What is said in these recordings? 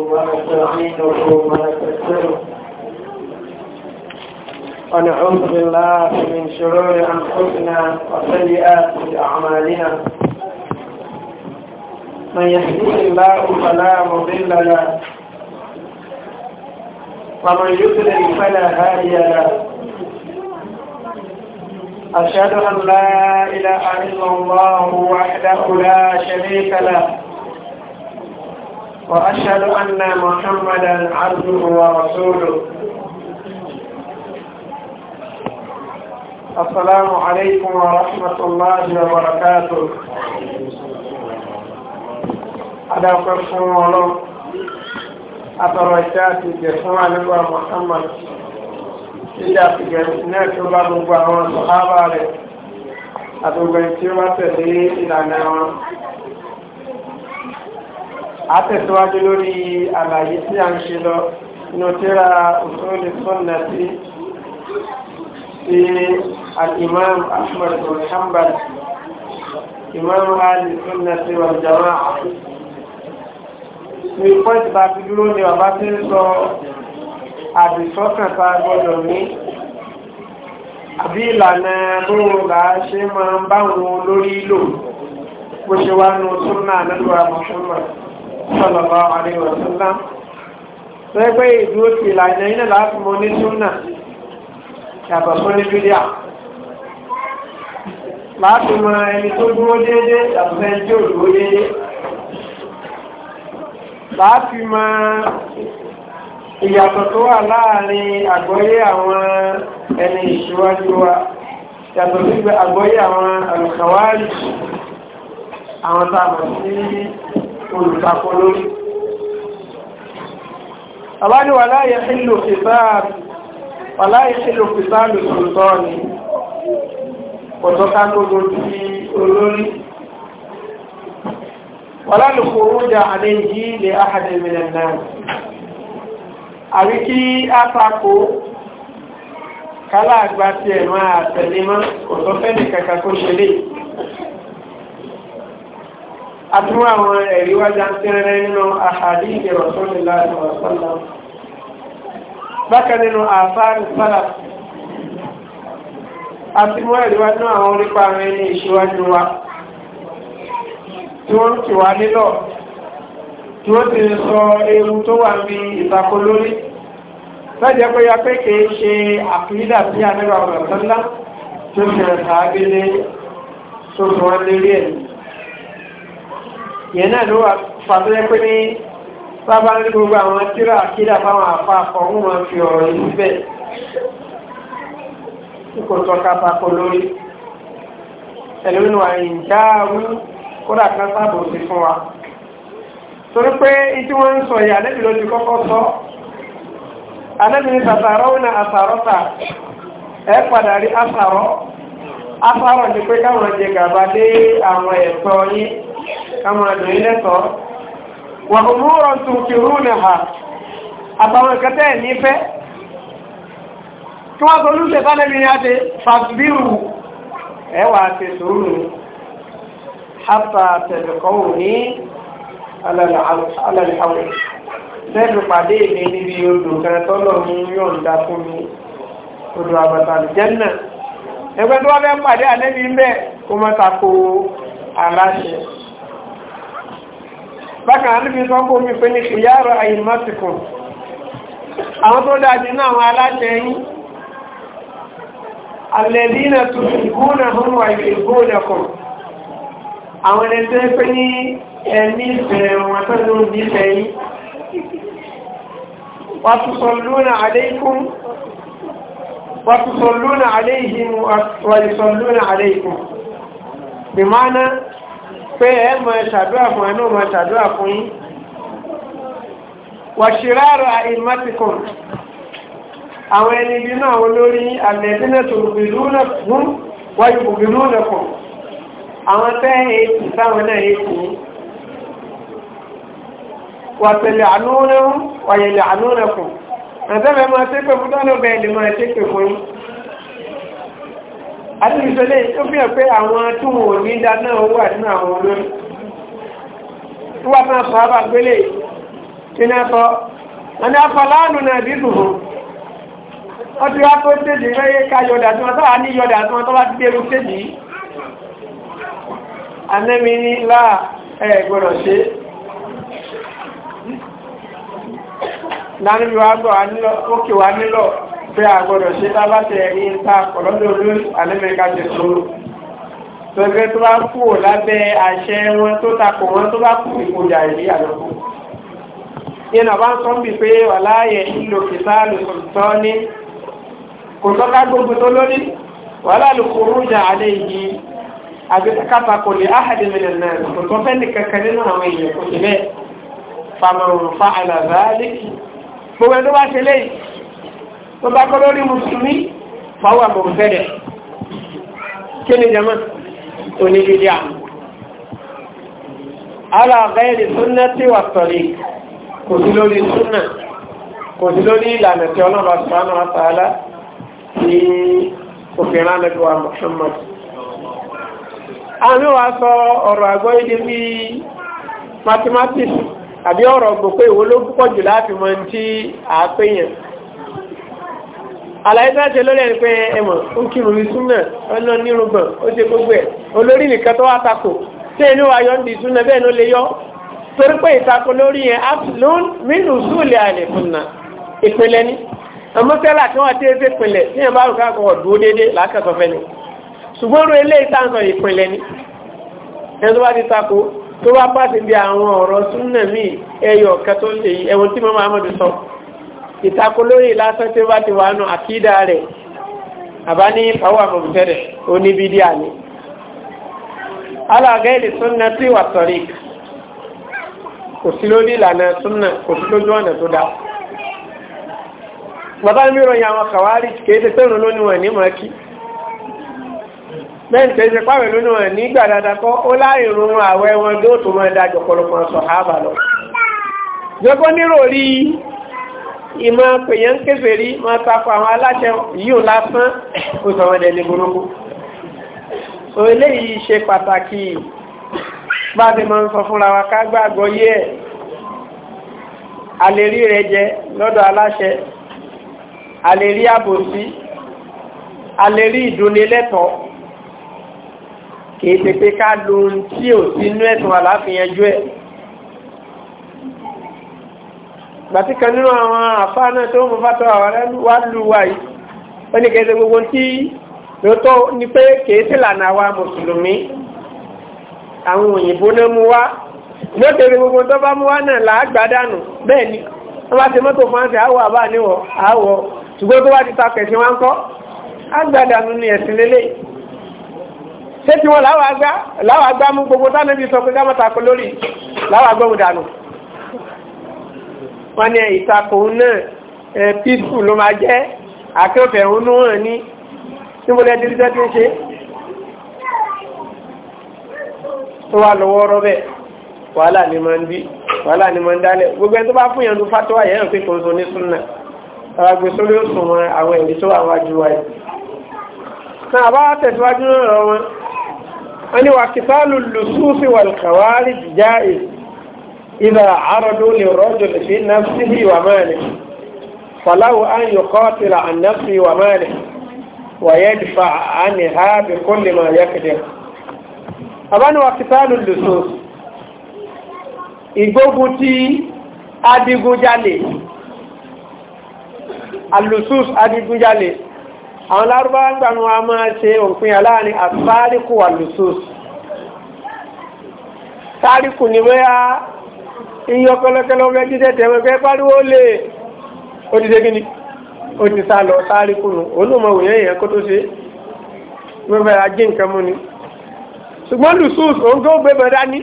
ونستعينه ونستغفره ونعوذ بالله من شرور أنفسنا وسيئات أعمالنا من يهديه الله فلا مضل له ومن يضلل فلا هادي له أشهد أن لا إله إلا الله وحده لا شريك له وأشهد أن محمدا عبده ورسوله السلام عليكم ورحمة الله وبركاته أدعوكم الله أتركات الجسماء لله محمد إذا تجلسناك الله مبارك وصحابه أدعوكم بنتي لي إلى نعم àtẹ̀síwájú lórí àlàyé tí a ń ṣe lọ inú tíra usul sunnati ti al-imam ahmad bin hanbal imam ahli sunnati wal jama'a ní pọ́ǹtì bá fi dúró ní ọba tí ń sọ àdìsọ́kàn tá a gbọ́dọ̀ ní àbí ìlànà bóòlà ṣe máa ń báwọn olórí lò bó ṣe wá nù súnnà nílùú àmọ́sánmà sọ̀lọ̀lọ́ àríwọ̀sọ́lá pẹ́gbẹ́ ìdúró ti ìlànà iná láti mọ ní súnà yàtọ̀ fún ní bídíà láti mọ ẹni tó dúró déédé yàtọ̀ fẹ́ tí ò dúró déédé láti mọ ìyàtọ̀ tó wà láàrin àgbọ́yé àwọn ẹni ìṣíwájú wa yàtọ̀ sí àgbọ́yé àwọn àlùkàwárì àwọn tá sí olùtakọ lórí àbájú wà láyé sílò fìsáàlù tòótọ́ ni pọ̀tọ́ká tó lórí olórí wà lálùkò oúnjẹ àlejì lè áhàdè mìíràn náà àrí kí á takò kálá àgbà tí ẹ̀mọ́ àtẹ̀lémọ́ àtúnwò àwọn ẹ̀rí wájà ń tẹ́rẹ́ nínú àhàdí ìrọ̀ tó lè láàrín ọ̀sánlá bákan nínú àfáàrí sálà àti mú ẹ̀rí wájú àwọn orípa àwọn ẹni ìṣíwájú wa tí wọ́n ti wà nílọ̀ tí wọ́n ti sọ ewu tó wà ní ìtakò lórí lọ́jẹ́ pé ya pé kìí ṣe àpìlídà sí àníbà ọ̀sánlá tó ṣe ẹ̀sà abílé tó fi wọ́n lérí ẹ̀yìn yẹn náà ló wà pàtó yẹ pé ní sábà ní gbogbo àwọn tíra àkídà fáwọn àpapọ̀ ń wọn fi ọ̀rọ̀ yìí bẹ̀ tí kò tọ́ ká papọ̀ lórí ẹlòmínú àyìn dáàrú kódà kan sábò sí fún wa torí pé tí wọ́n ń sọ yìí àlẹ́bí ló ti kọ́kọ́ sọ àlẹ́bí ní sàtàrọ́ ní àsàrọ́ta ẹ padà rí àsàrọ́ àsàrọ̀ ni pé káwọn jẹ gàba dé àwọn ẹ̀tọ́ yìí Kama lòyìn lẹ́tọ̀ọ́ wà òmúrọ̀ tó kìrú nà ha àtàwọn ìkẹtẹ́ ẹ̀ ewa tí wọ́n tó lúṣẹ̀ bá lẹ́bí yáde fàbíru ẹwà ti sùúrù hátà tẹ̀lẹ̀kọ́wò ní alàlẹ́hàwẹ̀ lẹ́bí pàdé mi níbi odò kẹrẹtọ́lọ̀ mú yóò dá fún mi odò àbàtà jẹ́nà ẹgbẹ́ tó wọ́n fẹ́ pàdé àlẹ́bí mẹ́ kó bákan àníbi sọ kó mi pé ní ìyáàrọ̀ àìmọ́sìkùn àwọn tó dájú náà àwọn aláṣẹ yìí alẹ́dínà tó ìgbóná hún wà ìgbóná kan àwọn ẹni pé ní ẹni ìfẹ́ wọn tó ló ní ìfẹ́ yìí wọ́n tún sọ lónà pé ẹ mọ ṣàdúrà fún ẹ mọ ṣàdúrà fún yín wàṣíráàrọ àìmọ́tìkùn àwọn ẹni ibi náà olórí àlẹ́dínlẹ̀ tó gbìlú náà àwọn tẹ́ èkì sáwọn náà èkì wàtẹ̀lẹ̀ àánú náà wàyẹ̀lẹ̀ àánú fún àtẹ́fẹ́ máa ṣépè fún àti ìṣẹ́lẹ̀ tó fi hàn pé àwọn tí wọn ò ní dá wà nínú àwọn olórí tó wà náà sọ Na gbélé tí sọ wọn ni náà dídùn fún wọn ti wá tó tí wọn tó ní tí ti anẹ́mi ní láà pé àgbọ̀dọ̀ ṣe bá bá tẹ̀ rí ń ta ọ̀lọ́dọ̀ olóòtú alẹ́mẹ́ka ti sọ̀rọ̀ tọ́gbẹ́ tó bá kú ò lábẹ́ àṣẹ wọn tó takò wọn tó bá kú ìkójà ìrí àlọ́kù yẹn náà bá ń sọ bí pé wàláyé ìlò kìsáàlù sọ̀tọ́ ní kò tọ́ka gbogbo tó lórí wàláàlù kòrújà alẹ́ yìí àti kátàkò lè áhàdì mìíràn náà kò tọ́ fẹ́ nìkan kan nínú àwọn èèyàn kò sí bẹ́ẹ̀ fàmọ̀rùn fa àlàzà lẹ́kì gbogbo ẹni tó bá ṣe léyìí tó bá kọ́ lórí mùsùlùmí fáwọn àbòrúfẹ́dẹ̀ kí ni jama onídìdí à ala ghairi sunnati wa tariq kò sí lórí súnà kò sí lórí ìlànà tí ọlọ́run subhanahu wa ta'ala ní òfin ránàdùwà Muhammad àmì wa sọ ọ̀rọ̀ àgọ́ ìdí bí mathematics àbí ọ̀rọ̀ gbogbo ìwó ló púpọ̀ jù láti mọ̀ tí a pèyàn àlàyé tó ṣe lórí ẹni pé ẹmọ̀ ó kírun ní súnà ọlọ́ nírùngbọ̀n ó ṣe gbogbo ẹ̀ olórí nìkan tó wá takò tí ẹni wà yọ ní súnà bẹ́ẹ̀ ló lè yọ torí pé ìtakò lórí yẹn absolute mínú súùlì àlè fúnna ìpínlẹ̀ ni àmọ́sẹ́là tí wọ́n ti ṣe ìpínlẹ̀ tí yẹn bá rò káàkó ọ̀dúró déédéé làákàtọ̀ fẹ́ ni ṣùgbọ́n ro ilé ìtàǹsọ̀ ìpínlẹ̀ ìtakò lórí lásán tí ó bá ti wà nù àkídà rẹ̀ àbá ní pàwọ́ àmọ̀bùtẹ́rẹ̀ oníbídíà ni alága ilẹ̀ súnà tí wà sọ̀rí kò sí lórí ìlànà súnà kò sí lójú ọ̀nà tó dá bàbá mi ròyìn àwọn kàwárí kéde sẹ́rùn lónìí wọn ní mọ́kí bẹ́ẹ̀ni tẹ́ ṣe pàwẹ̀ lónìí wọn nígbà dáadáa kọ́ ó láìrún àwẹ́ wọn dóòtò mọ́ ẹ̀dá jọ̀pọ̀lọpọ̀ sọ̀hábà lọ jọgbọ́n nírò rí ìmọ̀ pèyàn kéfèrí máa tako àwọn aláṣẹ yíò lásán ó sọ wọn dẹni burúkú so eléyìí ṣe pàtàkì bá ti máa ń sọ fúnra wa ká gbàgbọ́ yé ẹ̀ àlérí rẹ̀ jẹ lọ́dọ̀ aláṣẹ àlérí àbòsí àlérí ìdúnilẹ́tọ̀ọ́ kìí pépé ká lo ohun tí ò sínú ẹ̀sùn àláfíyanjú ẹ̀ gbàtí kan nínú àwọn àfa náà tó mú fàtọ́ wà lù wá yìí wọ́n ní kẹsẹ̀ gbogbo tí lóòótọ́ ni pé kìí sí lànà wa mùsùlùmí àwọn òyìnbó náà mú wá lóòótọ́ gbogbo tó bá mú wá náà làágbádànù bẹ́ẹ̀ ni wọ́n bá ti mọ́tò fáńsì àwọ̀ àbá níwọ̀ àwọ̀ ṣùgbọ́n tó wá ti ta kẹ̀sìn wá ń kọ́ agbádànù ni ẹ̀sìn lélẹ̀ ṣé tí wọ́n láwàá gbá mú gbogbo tánàbí sọ pé ká mọ́ta kọ lórí láwàá gbọ́mù dànù wọ́n ní ìtakò náà ẹ pífù ló máa jẹ́ àkẹ́fẹ̀ ònú hàn ní síbúlẹ̀ dírísẹ́ tó ń ṣe tó wà lọ́wọ́ rọ́bẹ̀ wàhálà ni máa ń bí wàhálà ni máa ń dálẹ̀ gbogbo ẹni tó bá fún yànjú fátọ́wà yẹn pé kò ń so ní súnà àwọn agbè sórí òsùn wọn àwọn ẹ̀rí tó wà wájú wa yìí náà bá tẹ̀síwájú náà rọ wọn wọn ni wà kìtàlù lùsùsì wà kàwárí إذا عرضوا للرجل في نفسه وماله فله أن يقاتل عن نفسه وماله ويدفع عنها بكل ما يقدر أبان وقتال اللصوص ìgbógun tí adigunjalè alusus adigunjalè àwọn lárúbá ń gbàmù a máa ṣe òpin aláàrin àtàríkù alusus táríkù ni wẹ́yà iye ọkọlọkọlọ ọmọ ẹjí tẹ̀tẹ̀ wọn fẹ́ pariwo lè ó ti ṣe kí ni ó ti sá lọ sáré kùnú olùmọ̀ òyìn èèyàn kó tó ṣe wọ́n fẹ́ ajé nǹkan mú ni ṣùgbọ́n lùsùs òun tó gbé bẹ̀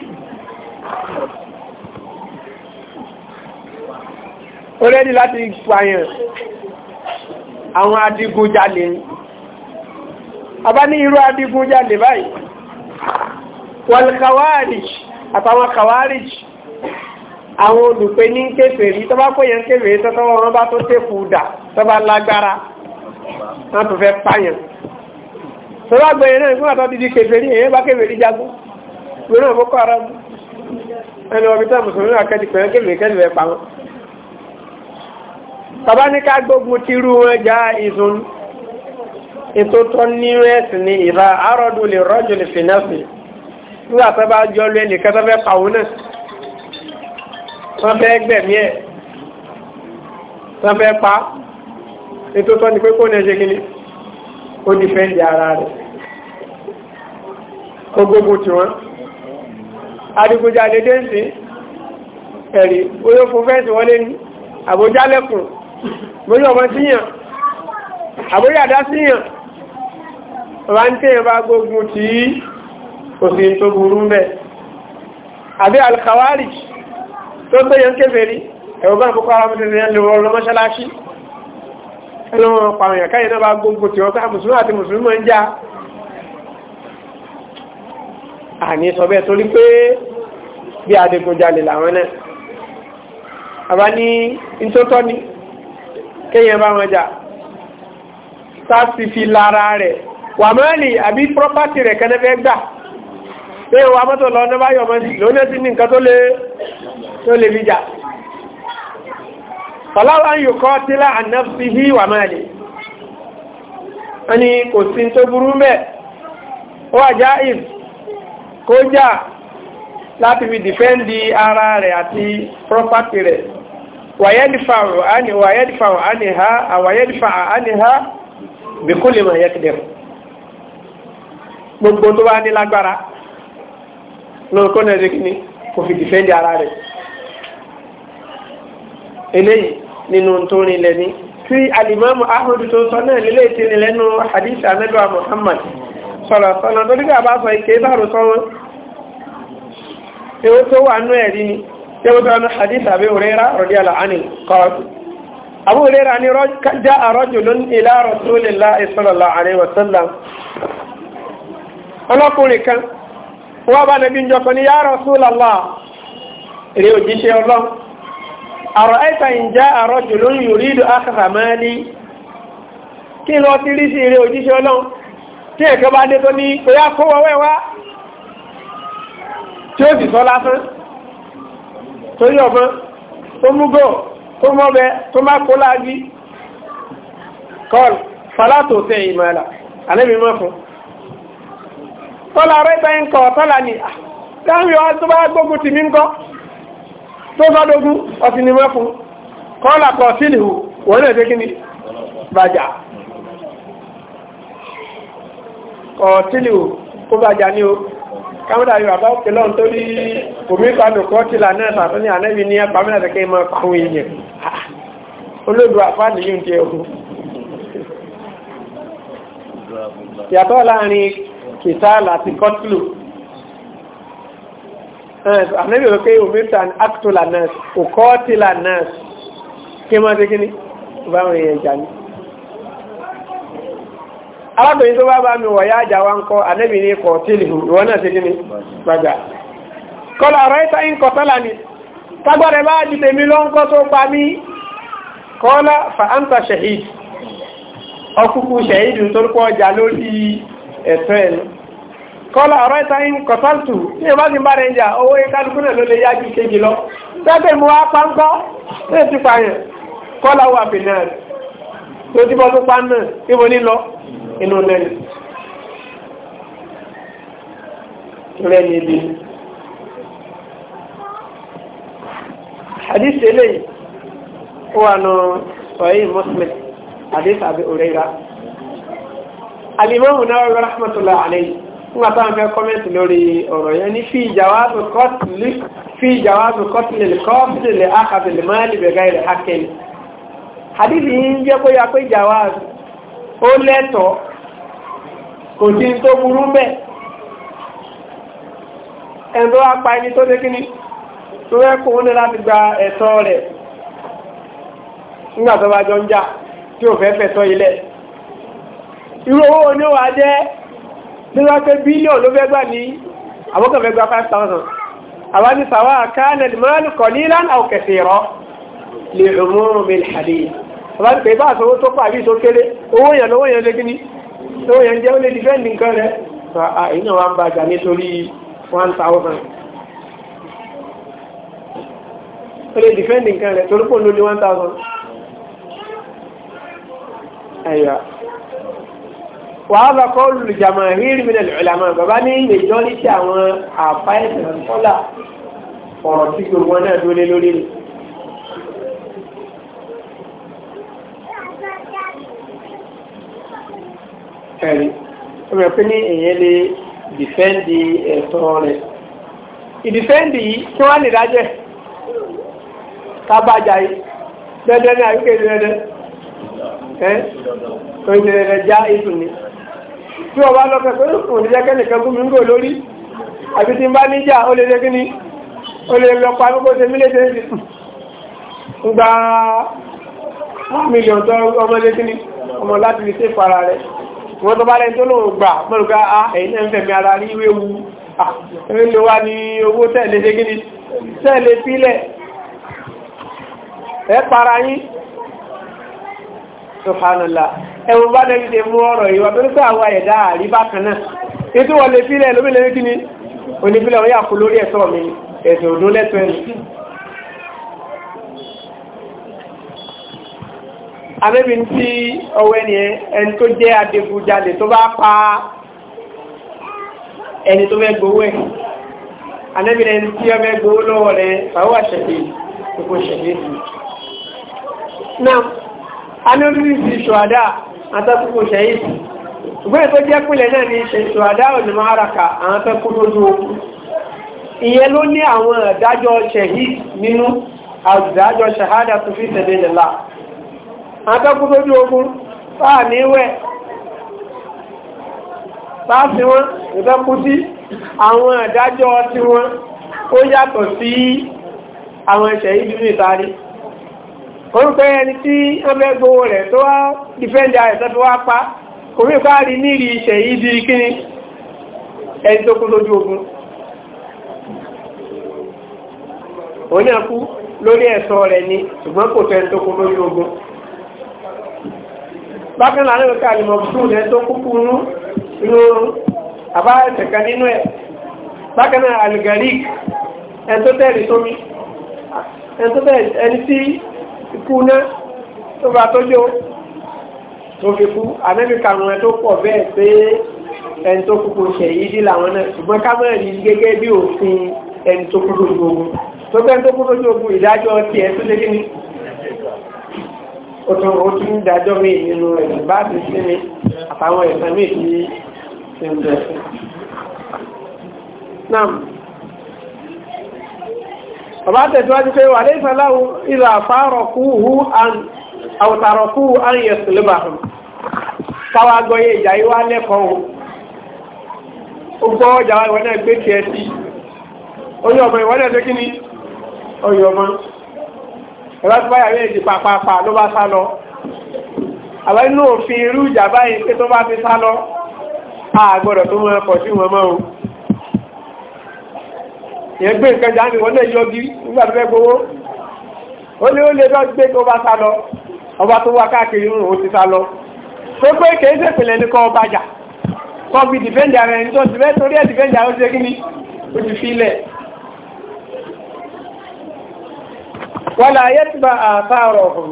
ó rẹ́dí láti pààyàn àwọn adigunjalè ni àbá ní irú adigunjalè báyìí wọ́n kàwárìj àtàwọn kàwárìj àwọn olùpẹ ní kèfèrí tó bá pèyàn kèfèrí tọ́tọ́ wọn bá tó tẹ́kù dà tó bá lágbára wọn tó fẹ́ pààyàn tó bá gbẹ̀yìn náà fún àtọ́ dídí kèfèrí èyàn bá kèfèrí jagun mìíràn fún kọ́ ara ẹni ọbí tó mùsùlùmí náà kẹ́ni pẹ̀lú kèfèrí kẹ́ni fẹ́ pa wọn. bàbá ní ká gbógun tírú wọn já ìzun ètò lè rọ́jò lè fìnẹ́sì nígbà tó jọ lé nìkan fẹ́ pàwọn náà wọ́n fẹ́ gbẹ̀mí ẹ̀ wọ́n fẹ́ pa ètò ni pé kó ní ẹ ṣe kí ni ó di fẹ́ di ara rẹ̀ ó gbógun tì wọ́n adigunjalè dé sí ẹ̀rí oyó fún fẹ́ǹsì wọlé ní àbójálẹ̀kùn bóyá ọmọ síyàn àbóyàdá síyàn ọba ń tẹ́yàn bá gbógun tì kò sí tó burú bẹ́ẹ̀ àbí alkhawarij tó gbé yẹn kéferì ẹ̀wọ̀n bá Boko Haram tẹ̀lé yẹn lọ́wọ́ lọ mọ́ṣáláṣí ẹlọ́wọ́n pàrọ̀yàn káyẹ̀ náà bá gbóngbò tí wọ́n pé mùsùlùmí àti mùsùlùmí máa ń já àní sọ bẹ́ẹ̀ torí pé bí adigunjalè làwọn náà àbá ní ntótọ́ ni kéèyàn bá wọn jà sá lára rẹ̀ wà mọ́ẹ̀lì àbí pírọ́pátì rẹ̀ kẹ́nẹ́fẹ́ gbà pé wà mọ́tò lọ́ọ́ náà bá yọ̀ tó lè níjà fọláwà ń yòkọ́ tílá ànáfsí hí wà máa lè wọ́n ni kò sí tó burú mẹ́ ó wà já ìf kó jà láti fi dìfẹ́ndì ara rẹ̀ àti pọ́pátì rẹ̀ wàyẹ́dìfàwọ̀ àníhá àwàyẹ́dìfàwọ̀ àníhá bí kó lè máa yẹ́kìdẹ̀rù kò fi dìfẹ́ndì ara rẹ̀ eléyìí nínú tó rinlẹ̀ ní tí alimami ahmed tó sọ náà lílé tí rinlẹ̀ nínú hadith anabiwa muhammad sọ̀rọ̀ sọ̀rọ̀ tó nígbà bá sọ ìké bá rùsọ wọn ewu tó wà nú ẹ̀rí ni ewu tó wà hadith àbí òrera rọ̀dí àlàánì kọ́ọ̀tù abu òrera ni já àrọ́jù ló ní ilá rọ̀túlélá ìsọ̀rọ̀lá àrẹwà sọ́lá ọlọ́kùnrin kan wọ́n bá nàbí njọkọ ni yá rọ̀túlélá èrè òjíṣẹ́ ọlọ́run àrọ̀ ẹ́ta ń já àrọ̀ jù lórí yòrídò akàfà máa ní kí lọ ti rí sí eré òjíṣẹ́ ọlọ́run tí ẹ̀kọ́ bá dé tó ní oyá kó wọ́wẹ́ wá tí ó sì sọ lásán torí ọ̀bọ̀n tó múgọ̀ tó mọ́bẹ tó má kó láàájí kọl falátò tẹ ìmọ̀lá alẹ́mìímọ̀ fún tọ́lá rẹ́ta ń kọ̀ tọ́lá ni dáhùn ah, yọ tó bá dógún ọtí ni mọ́ fún kọ́lá kọ́ sílì hù wọ́n lè dékí ni bàjá kọ́ sílì hù bàjá ní o kámẹ́dà yóò àbá òkè lọ́n tó rí omi pàdé kọ́ tí là náà sàtún ní ànẹ́bí ní ẹgbà mẹ́ta àmì ìrò pé omita and actola nurse la nurse kí mọ́ sí kí ni báwọn èèyàn jà ní. arábìnrin tó bá bá mi wọ̀yá àjà wa ń kọ́ ànẹ́bì ní ikọ̀ tí ìlú ìwọ náà sí kí ni gbàgbà. kọlà ọ̀rọ̀ ìta ń kọ́ tọ́lá ni tágbọ́dẹ̀ bá di tèmi ló ń kọ́ tó pa mí kọ́lá fa'anta shahid ọkùnkùn shahid tó kọ́ ọjà lórí ẹ̀tọ́ kọ́lá ọ̀rọ̀ ìta ń kọ̀tọ́lùtù ní ìbá ti bá rẹ̀ ń jà owó ìkálukú náà ló lè yá ju kejì lọ tẹ́gbẹ̀ mú wá páńkọ́ ní ti pààyàn kọ́lá wà bì náà tó ti bọ́ tó pa náà ibo nílọ inú lẹ́nu lẹ́nu ibi hadith eléyìí ó wà nù sahih Muslim hadith Abi Hurairah al-Imam Nawawi rahmatullahi alayhi nígbà táwọn fẹ́ kọ́mẹ́ntì lórí ọ̀rọ̀ yẹn ní fi ìjàwáàbù kọ́tìlì fi ìjàwáàbù kọ́tìlì kọ́tìlì akabìlì máàlì bẹ̀gá ilẹ̀ akẹ́lì àdìsí yìí ń jẹ́ kó ya pé ìjàwáàbù ó lẹ́tọ̀ọ́ kò sí tó burú mẹ́ ẹni tó ẹni tó dé ni tó fẹ́ kó ní láti gba ẹ̀tọ́ rẹ̀ nígbà tó bá jọ ń jà tí ò fẹ́ fẹ̀tọ́ ilẹ̀ irú owó jẹ́ tí wọ́n pé bílíọ̀n ló fẹ́gbà ní àwọ́kànfẹ́gbà 5,000 àwọn ni sàwọ́ àkáàlẹ̀ mọ́lù kọ̀nílán àwọ̀kẹ̀sẹ̀ rọ lè rùmúrùn mi hàlì àwọn pé bá sọ tó pà bí sókéré owó yẹn lówó yẹn lẹ́gbìní owó yẹn jẹ́ ó lè dìfẹ́ǹdì nǹkan rẹ̀ iná wa ń bá jà nítorí 1,000 ó lè dìfẹ́ǹdì nǹkan rẹ̀ torípò ló ní 1,000 wàhálà kọlù الجماهير من العلماء، lẹ́lẹ̀ ìlànà bàbá ní ìmẹ̀jọ́ ní ti àwọn àfáìsàn kọ́là ọ̀rọ̀ tí gbogbo wọn náà dúró lórí ni. ẹ̀rí ó bẹ̀rẹ̀ pé ní èèyàn lè dìfẹ́ǹdì ẹ̀tọ́ rẹ̀ ìdìfẹ́ǹdì yìí kí wọ́n lè dájẹ́ kábàjá yìí dandan ní àyíké dandan ẹ́ oyin já ìtùnú tí ọba lọ́fẹ́ pé òun ní jẹ́kẹ́ nìkan gún mi ń gò lórí àbí tí ń bá níjà ó lè lé kíní ó lè lọ pa gbogbo ṣe mílé ṣe ń gba mílíọ̀n tó ọmọdé kíní ọmọ láti fi ṣe fara rẹ̀ wọ́n tó bá lẹ́ni tó lóun gbà mọ́lùká á ẹ̀yìn náà ń fẹ̀mí ara rí ìwé wu ń lo wá ní owó tẹ̀lé ṣe kíní tẹ̀lé sílẹ̀ ẹ para yín subhanallah ẹ̀wọ̀n bá lẹ́yìn lè mú ọ̀rọ̀ ìwà tó ń sọ àwọn ẹ̀dá àríbá kan náà ètò wọn lè fílẹ̀ lómi lẹ́yìn kí ni onífílẹ̀ wọn yà kú lórí ẹ̀tọ́ mi ẹ̀sùn òdó lẹ́tọ́ ẹ̀mí. àbẹ́bí ń tí ọwọ́ ẹni ẹni tó jẹ́ adigunjalè tó bá pa ẹni tó fẹ́ gbowó ẹ̀ àbẹ́bí ẹni tí ọmọ ẹ̀ gbowó lọ́wọ́ rẹ̀ fàwọ́ àṣẹ̀dẹ̀ ìkó ṣẹ̀dẹ̀ sí. náà a ní oríṣiríṣi ṣọ̀dá atẹ́kùnkùn ṣẹ̀yìn ṣùgbọ́n tó jẹ́ pínlẹ̀ náà ni ṣètò àdáhùn ní máraka àwọn fẹ́ kú lójú ogun ló ní àwọn ìdájọ́ ṣẹ̀yìn nínú àdájọ́ ṣàhádà tó fi tẹ̀lé nìlá atẹ́kùn lójú ogun fáà níwẹ̀ sáàsì wọn sí àwọn tí ó yàtọ̀ sí àwọn ṣẹ̀yìn nínú ìtarí orúkọ ẹni tí wọ́n fẹ́ gbowó rẹ̀ tó wá dìfẹ́ndì àìsàn tó wá pa orí ìpáàrí nírí ìṣẹ̀ yìí di kíní ẹni tó kún lójú ogun òní àkú lórí ẹ̀sọ́ rẹ̀ ni ṣùgbọ́n kò tẹ́ tó kún lójú ogun bákan náà lórí ká àlùmọ̀ fún ẹ̀ tó kúkú nú inú àbá ẹ̀sẹ̀kan nínú ẹ̀ tó tẹ́rì ẹni tí ikú náà tó bá tó jó tó fi kú ànábì kàrún ẹ tó pọ̀ bẹ́ẹ̀ pé ẹni tó kúkú ṣe yìí dí làwọn náà ṣùgbọ́n ká mọ̀ rí gẹ́gẹ́ bí òfin ẹni tó kú lójú tó bẹ́ẹ̀ tó kú lójú ogun ìdájọ́ tiẹ̀ tó lé kí ni ó tún dájọ́ mi nínú ẹ̀sìn bá ti sí ni àtàwọn ẹ̀sán mi ti ń bẹ̀rẹ̀ bàbá tẹ̀síwájú pé wà lẹ́sà láwù ìlà fárọ̀kúhù àwùtàrọ̀kúhù àyẹ̀ sùlùmàhùn káwà gbọ́yé ìjà ìwá lẹ́kọ̀ọ́ ó gbọ́ ọjà ìwọ̀n náà gbé tiẹ̀ sí oyún ọmọ ìwọ̀n náà lókí ni oyún ọmọ ìwọ̀n tó báyà wíyẹn ti pàpàpà ló bá sá lọ àbá inú òfin irú ìjà báyìí pé tó bá fi sá lọ àgbọ̀dọ̀ tó mọ ẹ̀kọ́ sí yẹn gbé nǹkan jáde wọn náà yọgi nígbà tó fẹ́ gbowó ó ní ó lè lọ gbé tó bá sá lọ ọba tó wá káàkiri ń rò ó ti sá lọ tó pé kèé sèpèlè ní kọ́ ọba jà kọ́ fi dìfẹ́ǹdì ara ẹni tó ti fẹ́ torí ẹ̀ dìfẹ́ǹdì ó ṣe kí ó ti fi lẹ̀. wọ́n là ayé ti ba àtàrọ̀ ọ̀hún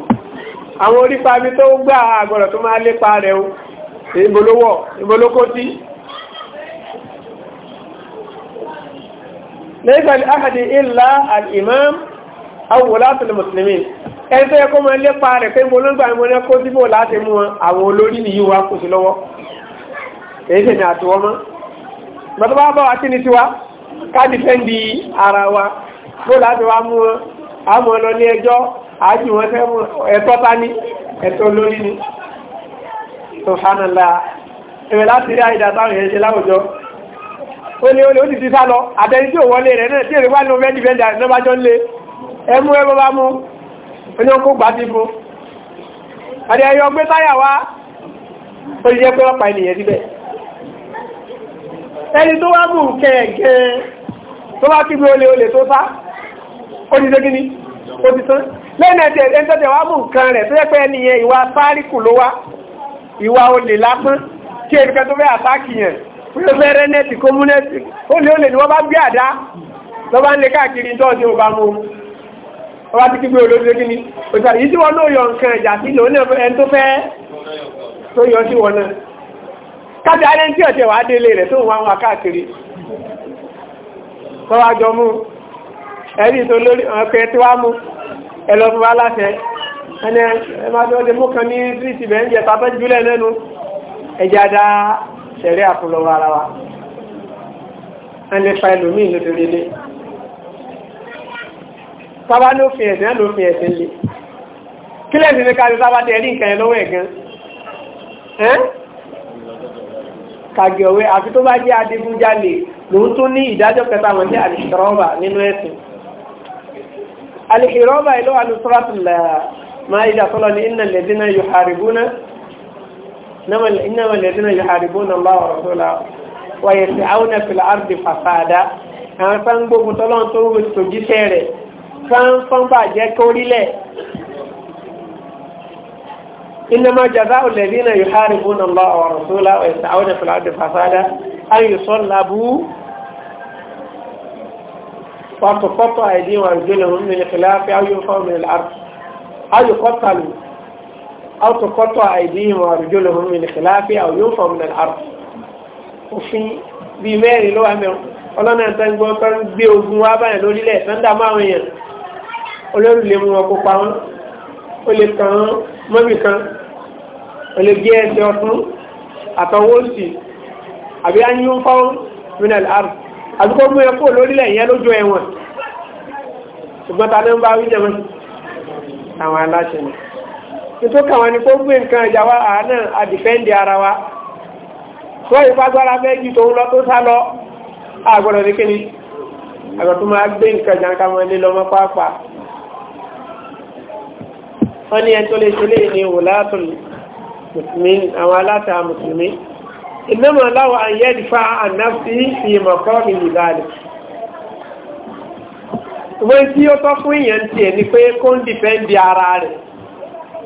àwọn orípa mi tó gbà àgbọ̀rọ̀ tó máa lépa rẹ̀ o ìbolówó ìbolókó tí. lẹ́yìn ahadi illa al-imam awolaatu muslimin ẹni tó yẹ kó máa lépa rẹ̀ pé mo lọ́gbà mo ní kó síbò láti mú àwọn olórí nìyí wa kò sí lọ́wọ́ èyí tẹ̀mí àtiwọ́ mọ́ bàtọ́ bá bá wa sí ni tiwa ká dìfẹ́ǹdì ara wá mú fẹ́ mú ẹ̀tọ́ ta láti olè olè ó ti ti sá lọ àtẹni tí ò wọlé rẹ̀ náà tí èrè wà ní ọmọ ẹ̀dì bẹ́ndà ní ọba jọ ń lé ẹmú ẹ bọ́bá mú oní ọkọ̀ gbà ti fún àti ẹyọ gbé táyà wá ó ti jẹ́ pé ọ̀pá ènìyàn síbẹ̀ ẹni tó wá bù kẹ̀kẹ́ tó bá kíbi olè olè tó sá ó ti sẹ́kíní ó ti sán lẹ́yìn ẹ̀tẹ̀ ẹni tẹ́tẹ̀ wá bù nǹkan rẹ̀ tó yẹ pé ẹni yẹn ìwà sáríkù ló wá ìwà olè lásán kí èrìkẹ́ tó fẹ́ àtáàkì yẹn ó fẹ́ rẹ́nẹ́tì kó mú nẹ́tì ó lè ó lè ní wọ́n bá gbé àdá lọ bá ń lè káàkiri tó ọdún ọba mú ọba ti ni yọ nǹkan ẹ̀jà sí lòun náà ẹni tó yọ si wọn náà káàkiri alẹ́ tí ọ̀tẹ̀ wàá délé rẹ̀ tó ń wá wọn ọdẹ mú kan ní ń jẹ jùlẹ̀ lẹ́nu ṣẹ̀rí àfọlọ́wọ́ ara wa a lè fa ẹlòmíì nítorí ilé sábà ló fi ẹ̀sìn ló fi ẹ̀sìn lé kí lẹ́sìn ní kájú sábà tẹ rí nǹkan ẹ̀ lọ́wọ́ ẹ̀ kàgì ọ̀wé àfi tó bá jẹ́ adigunjalè lòun tún ní ìdájọ́ kẹta wọn ní àlìṣirọ́bà nínú ẹ̀sìn àlìṣirọ́bà ìlú àlùsọ́ràtìlà máa ìjà ní ìnà yóò hàrìbúná إنما الذين يحاربون الله ورسوله ويسعون في الأرض فسادا àwọn tó ń gbógun tọ́lọ́n tó rú tòjíṣẹ́ rẹ̀ fánfán bà jẹ́ إنما جزاء الذين يحاربون الله ورسوله ويسعون في الأرض فسادا أن يصلبوا وتقطع أيديهم وأرجلهم من خلاف أو ينفوا من الأرض أو يقتلوا أو تقطع أيديهم وأرجلهم من خلاف أو ينفوا من الأرض òfin bíi mẹ́rin ló wà mẹ́rin ọlọ́nà àtàgbọ́n kan gbé ogun wá báyìí lórílẹ̀ sọ́ndà máwọn èèyàn olórí lè mú wọn kó pa wọn ó lè kàn án mọ́bì kan ó lè gé ẹsẹ̀ ọ̀tún àtọwọ́ òsì àbí á ní ó ń àdúgbò mú ẹ kó lórílẹ̀ yẹn lójú ẹ̀wọ̀n ṣùgbọ́n ta ló ń bá wíjẹ̀ mọ́ àwọn aláṣẹ náà nítorí kàwọn ni kó gbé nǹkan ìjà wa àánà àdìfẹ́ǹdì ara wa tó ìfagbára fẹ́ jù tó ń lọ tó sá lọ àgbọ̀dọ̀ ní kíni àgbọ̀dọ̀ tó máa gbé nǹkan ìjà ká wọn lé lọ́mọ pàápàá wọ́n ní ẹni tó lè ṣe léyìn ní wòlátùn mùsùlùmí àwọn aláta mùsùlùmí ìnáwó aláwọ̀ àyẹ́ ìfà ànáfí fi mọ̀kọ́ ìlúgbàlẹ̀ ìwé tí ó tọ́ fún èèyàn tiẹ̀ ni pé kó ń dìfẹ́ǹdì ara rẹ̀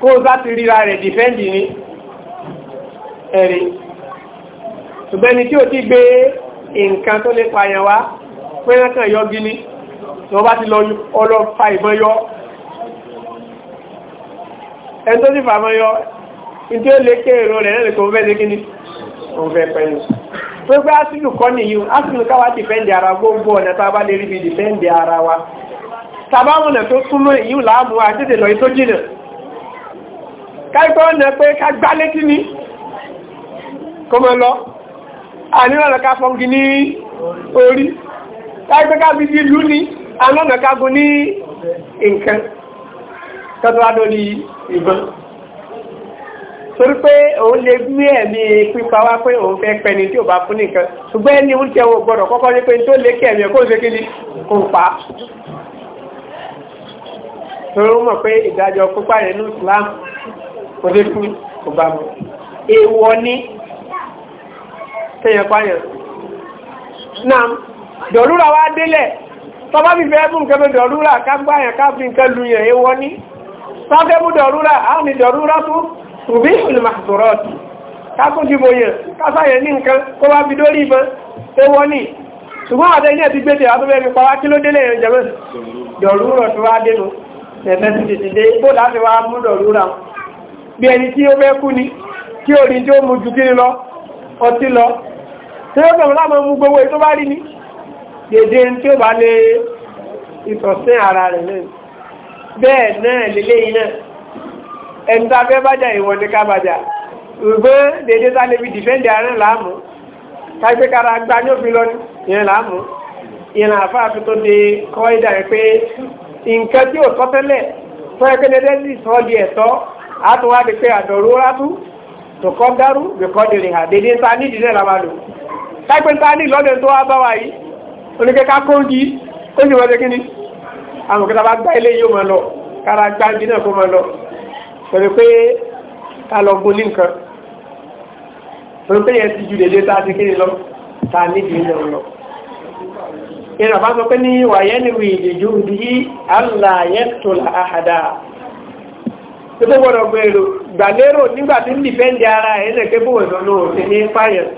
kó o bá ti ríra rẹ̀ dìfẹ́ǹdì ni ẹ̀rí ṣùgbọ́n ẹni tí ò ti gbé nǹkan tó lè pààyàn wá pẹ́rẹ́ kan yọ gíní tí wọ́n bá ti lọ ọlọ́ fa ìbọn yọ ẹni tó sì fà mọ́ yọ ìdí ó lè ké èrò rẹ̀ lẹ́nu kò fẹ́ ṣe gíní òun fẹ́ pẹ́yìn pẹ́pẹ́ asìlù kọ́ nìyí asìlù káwá dìfẹ́ǹdì ara gbogbo ọ̀nà tá a bá lè rí bí dìfẹ́ǹdì ara wa tàbá mọ̀nà tó súnmọ́ ìyí làámú àti ìdèlọ́ ìtójìnà káìkọ́ ọ̀nà pé ká gbá létí ní kó mọ́ lọ àníwọ̀nà ká fọ́nkì ní orí káìkọ́ ká bí sí lú ní alọ́nà ká gún ní nǹkan tọ́tọ́lá lórí ìbọn torí pé òun lè gbé ẹ̀mí pípa wá pé òun fẹ́ pẹni tí ò bá fún nìkan ṣùgbọ́n ẹni ń tẹ́wọ́ gbọ́dọ̀ kọ́kọ́ ní pé tó lé kẹ̀mí ẹ̀kọ́ ṣe kí ni kò pa torí mọ̀ pé ìdájọ́ pípa rẹ̀ ní Islam kò lè kú kò bá mọ́ èèwọ̀ ní tẹ́yẹ̀ páyẹ̀ náà dọ̀rúra wá délẹ̀ tọ́bá bí fẹ́ mú nǹkan bí dọ̀rúra kágbáyàn káàfin nǹkan lu yẹn èèwọ̀ ní sáfẹ́ mú dọ̀rúra àwọn ni dọ̀rúra tó rùbí ìlúmàtòrọ́ọ̀tì kákún ti bò yẹn kásáyẹ̀ ní nǹkan kó wá fi dórí ìbọn èèwọ̀ ní ṣùgbọ́n àtẹ́ ilé ti gbéde àwọn ẹni pa wá kí ló délé ẹ̀rọ jẹ́mẹ́ dọ̀rúra tó wá dénú ẹ̀fẹ́ ti ti dé bó láti wá mú dọ̀rúra wọn bí ẹni tí ó fẹ́ kú ni kí orí tí ó mú ju kí lọ ọtí lọ tí ó bẹ̀rẹ̀ láwọn mú gbogbo ètò bá rí ni dèdè tí ó bá lè ìsọ̀sìn ara rẹ̀ náà bẹ́ẹ̀ náà lélẹ́yìn náà ẹni tá a fẹ́ bájà ìwọ̀n ní ká bájà ṣùgbọ́n dèdè tá a lè fi dìfẹ́ǹdì àárín làámù kágbé kára gbá ní òfin lọ a tún wá di pé àdọ̀rú rátú tó kọ́ dárú bẹ̀kọ́ dèrè hà dédé ta ní ìdílé la máa lò táìpé ta ní lọ́dẹ̀ tó wá bá wa yìí oníkẹ́ká kó ń di ó sì wọ́n ṣe kíni àwọn òkúta bá gbá ilé yóò máa lọ kára gbá ibi kó máa lọ pẹ̀lú pé ká lọ gbó nǹkan pẹ̀lú pé yẹn ti ju dédé ta ti kíni lọ ta ní ìdílé náà lọ ìrànbá sọ pé ní wàyẹ́ wì tó tó gbọ́dọ̀ gbèrò e gbàlérò nígbà tí ara ẹ̀ ẹ̀ kébù ní fáyàn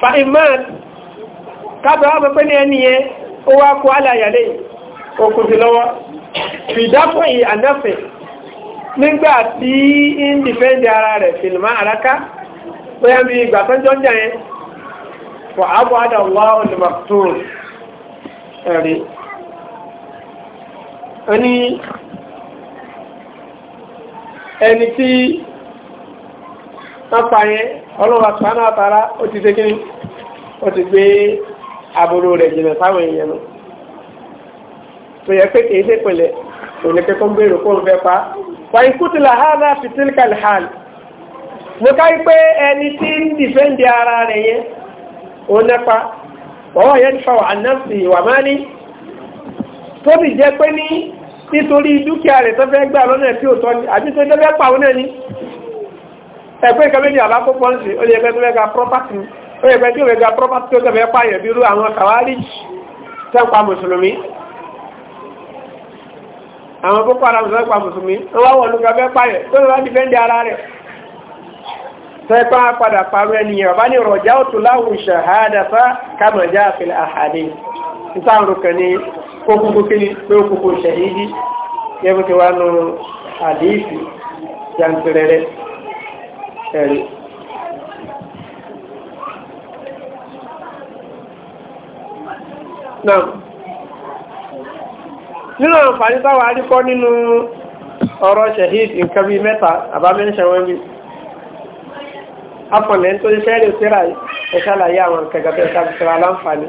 fa imán kábẹ̀ wá ní ẹni yẹn ó wá kó aláyàlẹ́ òkùnfì lọ́wọ́ fìdápọ̀ ì ara rẹ̀ fìlìmá àráká bóyá ẹni tí wọ́n pa yẹn ọlọ́wà sánà àtàrà ó ti ni ó ti gbé aburú rẹ̀ jìnà sáwọn èèyàn nù tó yẹ pé kìí ṣe pẹ̀lẹ́ òní kẹ́kọ́ ń bèrò kó ń fẹ́ pa wà ikú ti làhálà fìtílkàlì hàlì mo ká yí pé ẹni tí ń dìfẹ́ǹdì ara rẹ̀ yẹn ó nẹ́pa wọ́n yẹn fa wà náà sí wà ní nítorí dúkìá rẹ̀ tó fẹ́ gbà lọ́nà tí ó tọ́ ni àbí tó jẹ́ pàwọn náà ni ẹgbẹ́ ìkẹ́lẹ́ ní àbá púpọ̀ sí ó yẹ pẹ́ẹ́ ga property ó yẹ pẹ́ẹ́ tí ó ga property tó kẹfẹ́ pààyàn bí irú àwọn kàwárí sẹ́ǹpa mùsùlùmí àwọn púpọ̀ ara sẹ́ǹpa mùsùlùmí ó wá wọ̀lú kẹfẹ́ pààyàn tó lọ́wọ́ ti fẹ́ǹdì ara rẹ̀ sẹ́ǹpa padà pàrọ̀ ẹnìyàn bá ní rọ̀já òtún láwùjọ àádáfá kàmọ̀já àfẹ́lẹ̀ àhàdé okùnkùn kíni pé okùnkùn ṣẹ̀yìdí yẹ́bù ti wá nù àdéhìsì jàǹtìrẹrẹ ẹ̀rí náà nínú àǹfààní táwà àríkọ́ nínú ọ̀rọ̀ ṣẹ̀hìd nǹkan bí mẹ́ta àbámẹ́ṣẹ̀ wọn bí afọ̀lẹ́ tó ṣẹ́rẹ̀ síra ẹ̀ṣàlàyé àwọn kẹgàbẹ́ ìṣàbùsọ̀rọ̀ aláǹfààní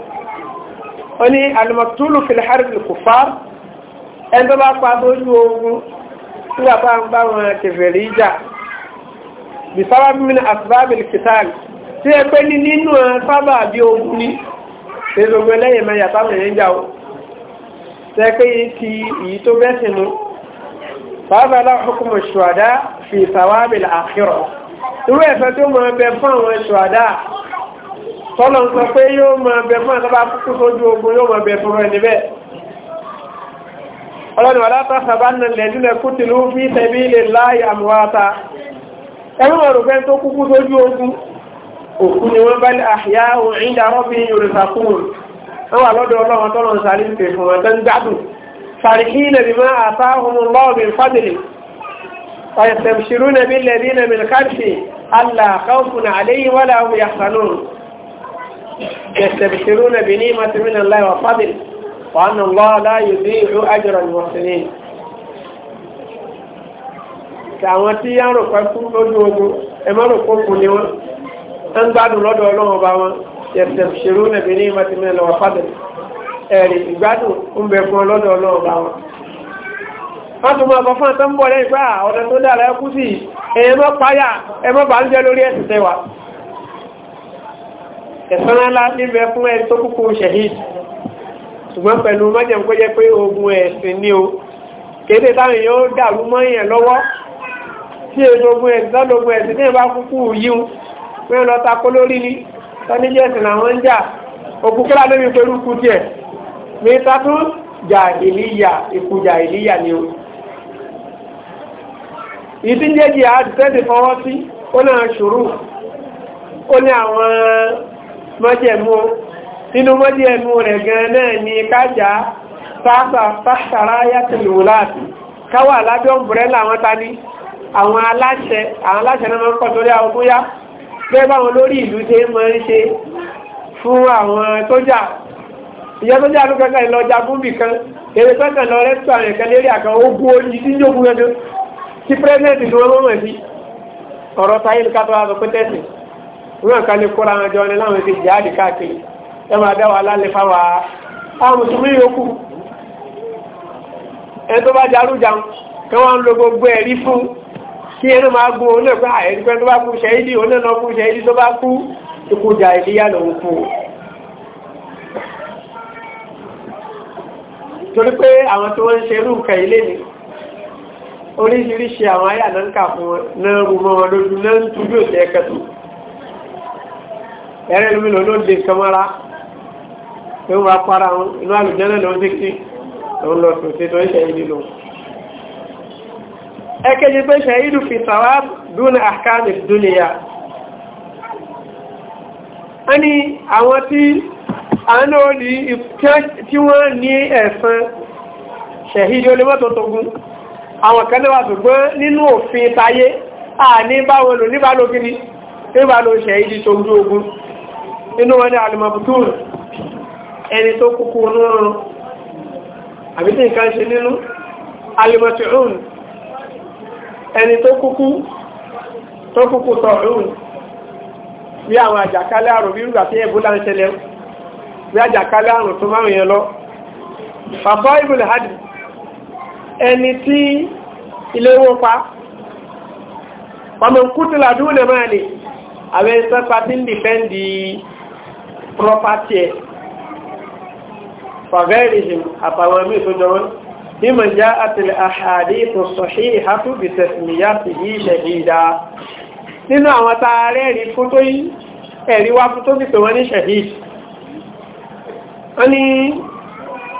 ó ní alimakutulu filharbi kufar ẹni tó bá pa lójú ogun nígbà bá ń bá wọn kẹfẹ̀rí jà bí sábà bí mìíràn àsìbábì kìtàlì tí ẹ pé ní nínú sábà bí ogun ní gbogbo ẹlẹ́yìn mẹ́yà táwọn èèyàn jà ó tí ẹ pé ti ìyí tó bẹ́sìn mú bàbá aláwọ̀kùnmọ̀ ṣùwádá fi ìsàwábì àkírọ̀ irú ẹ̀fẹ́ tó mọ̀ ẹgbẹ́ fún àwọn ṣùwádá tọ́lọ̀ ń sọ pé yóò máa bẹ fún àtọ́bá kúkú sójú ogun yóò máa bẹ fún rẹ̀ níbẹ̀ ọlọ́ni wà látà sábà nà lẹ́dínlẹ̀ kú tìlú fi tẹ̀bí ilẹ̀ láì àmúwáta ẹ̀mí wọn rò pé tó kúkú sójú ogun òkú ni wọ́n bá àyà òun ìdá yorùsà fún wọn wà lọ́dọ̀ ọlọ́run tọ́lọ̀ يستبشرون بنعمة من الله وفضل وأن الله لا يضيع أجر المحسنين àwọn tí yá rò pẹ́ kú lójú ogun ẹmọ́ rò kó kù ní wọn tó ń gbádùn lọ́dọ̀ ọlọ́run bá wọn yẹ̀sẹ̀ ṣerú nẹ̀bí ní ìmọ̀tìmọ̀ lọ́wọ́ fàdé ẹ̀rì ìgbádùn ń bẹ fún ọlọ́dọ̀ ọlọ́run bá wọn. wọ́n tún máa bọ̀ fún àtọ́ ń bọ̀ lẹ́yìn pé ọ̀nà tó dára ẹkú sí ẹ̀yẹ páyà ẹmọ́ bá ń jẹ́ lórí ẹ̀sìn tẹ́wàá ẹ̀sán ńlá níbẹ̀ fún ẹni tó kúkú ṣẹ̀híd ṣùgbọ́n pẹ̀lú mọ́jẹ̀m kó jẹ́ pé ogun ẹ̀sìn ni o kéde táwọn yóò dàrú mọ́yìn lọ́wọ́ tí èso ogun ẹ̀sìn tọ́lọ ogun ẹ̀sìn ní ni tọ́ní jẹ́sìn làwọn ń jà òkú kílá lórí pẹ̀lú kú tiẹ̀ mi tatú jà ìlíyà ikú jà ìlíyà ni o ìdíjẹ́jì àdìsẹ́sì fọwọ́ sí ó náà ṣòro ó ní àwọn mọ́jẹ̀mú inú mọ́jẹ̀mú rẹ̀ gan náà ni kájá sáàtàrá yàtìlú láti káwà lábẹ́ ọ̀bùrẹ́là àwọn tani àwọn aláṣẹ àwọn aláṣẹ náà máa ń kọ́ torí àwọn bóyá bẹ́ẹ̀ báwọn lórí ìlú ṣe máa ń ṣe fún àwọn sójà ìyẹn sójà ló kankan ìlọ jagun bì kan èrè kankan lọ rẹ́sítọ̀ àwọn lérí wọn kan lè kóra wọn jọ ní láwọn ti jáde káàkiri ẹ máa dá wa lálẹ́ fáwa àwọn mùsùlùmí yòókù ẹni tó bá jarújà kí wọ́n ń lo gbogbo ẹ̀rí fún kí ẹnu máa gún òun náà pé àìrí pé tó bá kú ṣẹ́yìdì òun náà kú ṣẹ́yìdì tó bá kú ìkújà ìdíyà lòun kú torí pé àwọn tí wọ́n ń ṣerú nǹkan ilé ni oríṣiríṣi àwọn ayà náà ń kà fún náà rú mọ́ wọn lójú náà ń túbí òṣẹ́ kẹtù ẹ̀rẹ́ lómi lò ló lè sọmọ́ra tó ń bá para wọn inú àlùjẹ́ náà ló ń dé kí ló ń lọ sùn sí tó ń ṣe ìdí lò. ẹ̀kẹ́jì pé ṣe ìdù fi sàwá dúnà àkáàmì dúnìyà. a ní àwọn tí àwọn olè tí wọ́n ní ẹ̀san ṣẹ̀hídí olómọ́tò tógún àwọn kan lẹ́wà ṣùgbọ́n nínú òfin tayé a ní báwọn lò níbàlò gidi níbàlò ṣẹ̀hídí tógún ogun inú wọn ní alimabutun ẹni tó kúkú nínú àbí tí nǹkan ṣe nínú alimatuun ẹni tó kúkú tó kúkú tọ̀rún bí àwọn àjàkálẹ̀ àrùn bí rúgbà tí ẹ̀bùlá ń ṣẹlẹ̀ bí àjàkálẹ̀ àrùn tó márùn yẹn lọ bàbá ìbùlẹ̀ hadi ẹni tí ilé owó pa ọmọ nkútùlà dúnlẹ̀ máa lè àwọn ẹ̀sẹ́pàá tí ń dìfẹ́ndì property ẹ̀ fàgẹ́rìhìm àtàwọn ẹ̀mí tó jọ wọn mímọ̀ já àtìlẹ̀ àhàdí tó sọ̀hí ìhátù bí tẹ̀sìmìyà sí yí ṣẹ̀hídá nínú àwọn tààrẹ ẹ̀rí fún tó yí ẹ̀rí wá fún tó bí pè wọ́n ní ṣẹ̀híd wọ́n ní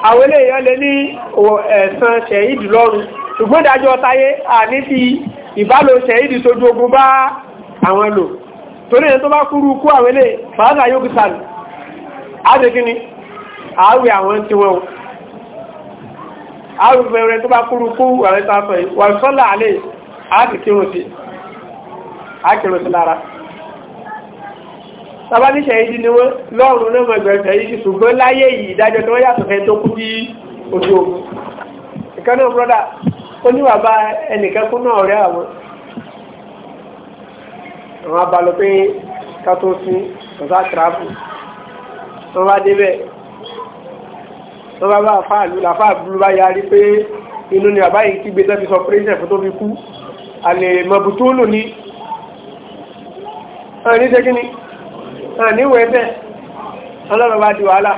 àwọn ilé ìyọ́ lè ní ẹ̀sán ṣẹ̀híd lọ́rùn ṣùgbọ́n torí ẹni tó bá kúrú kú àwọn ilé fàáza yóò àádé kí ni àáwẹ̀ àwọn tí wọ́n àáwẹ̀ bẹ̀rẹ̀ tó bá kúrú kú àwọn ìtàfẹ́ wà sọ́lá àlè àádé kírun sí àkírun sí lára tàbá ní ṣẹ̀yí ni wọ́n lọ́rùn náà mọ̀gbẹ̀rẹ̀ ṣẹ̀yí ṣùgbọ́n láyé yìí ìdájọ́ tó yàtọ̀ fẹ́ tó kú sí ojú ogun ìkan náà brọ́dà tó bá débẹ̀ tó bá bá àfáà lù làfáà búrú bá yarí pé inú ni àbáyé kígbe tẹ́ fi sọ pírẹ́sẹ̀ fún tó fi kú àlè mọ̀bù tó lò ní ẹni tẹ́ kíní àníwẹ̀ ẹ̀bẹ̀ ọlọ́rọ̀ bá di wàhálà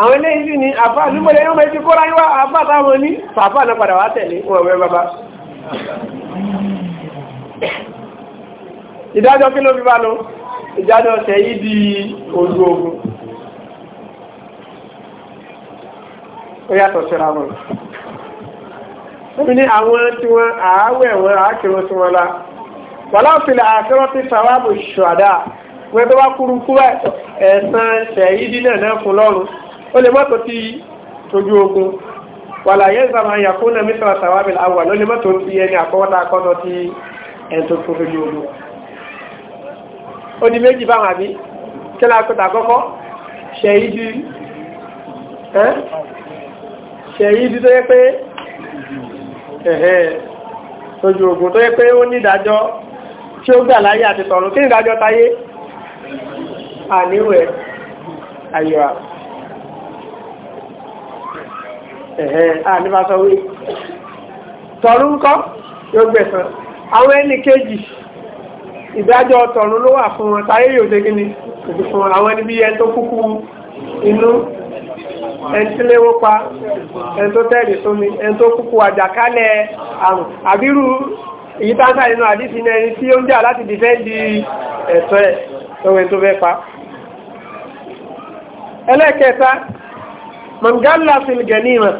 àwọn eléyìí sí ni àfáà nígbẹ̀lẹ̀ yóò mẹ́jì kó ráyíwá àfáà táwọn ní sàfáà náà padà wá tẹ̀lé wọn wẹ́ bàbá ìdájọ́ kí ló fi bá lọ ìjádọ̀ ọ̀sẹ̀ yìí di ojú ogun ó yàtọ̀ síra wọn ní àwọn tí wọ́n àáwẹ̀ wọn àákìrún sí wọn lá wàlá òfin àkẹ́rọ́ ti sàwábù ṣùwádà wọ́n tó bá kúrú kúrú ẹ̀sán ṣẹ̀yídí náà náà fún lọ́rùn ó lè mọ́tò ti tójú ogun wàlá yẹn zàmà yàkúnà mísọ̀rọ̀ sàwábù àwọn ló lè mọ́tò ti ẹni àkọ́wọ́ta akọ́tọ̀ ti ẹ̀tọ́ tójú ogun ó di méjì báwọn àbí kí ni akọta àkọ́kọ́ ṣẹ̀yídì ṣẹ̀yídì tó yẹ pé ojú ogun tó yẹ pé ó ní ìdájọ́ tí ó gbà láyé àti tọ̀run kí ni ìdájọ́ táyé àníwẹ̀ àyíwá ẹ̀hẹ́ àníbásọ́wé tọ̀run kọ́ yóò gbẹ̀sán àwọn ẹni kejì ìdájọ́ ọ̀tọ̀run ló wà fún wọn táyé yóò dé gíní òjò fún wọn àwọn níbi ẹni tó kúkú inú ẹni tí léwó pa ẹni tó tẹ̀lé sómi ẹni tó kúkú àjàkálẹ̀ àrùn àbírú èyí táńtà nínú àdísì ẹni tí ó ń jà láti dìfẹ́ǹdì ẹ̀tọ́ ẹ̀ lọ́wọ́ ẹni tó fẹ́ pa ẹlẹ́kẹta mọ̀ngálà fìlgẹ̀nìmọ̀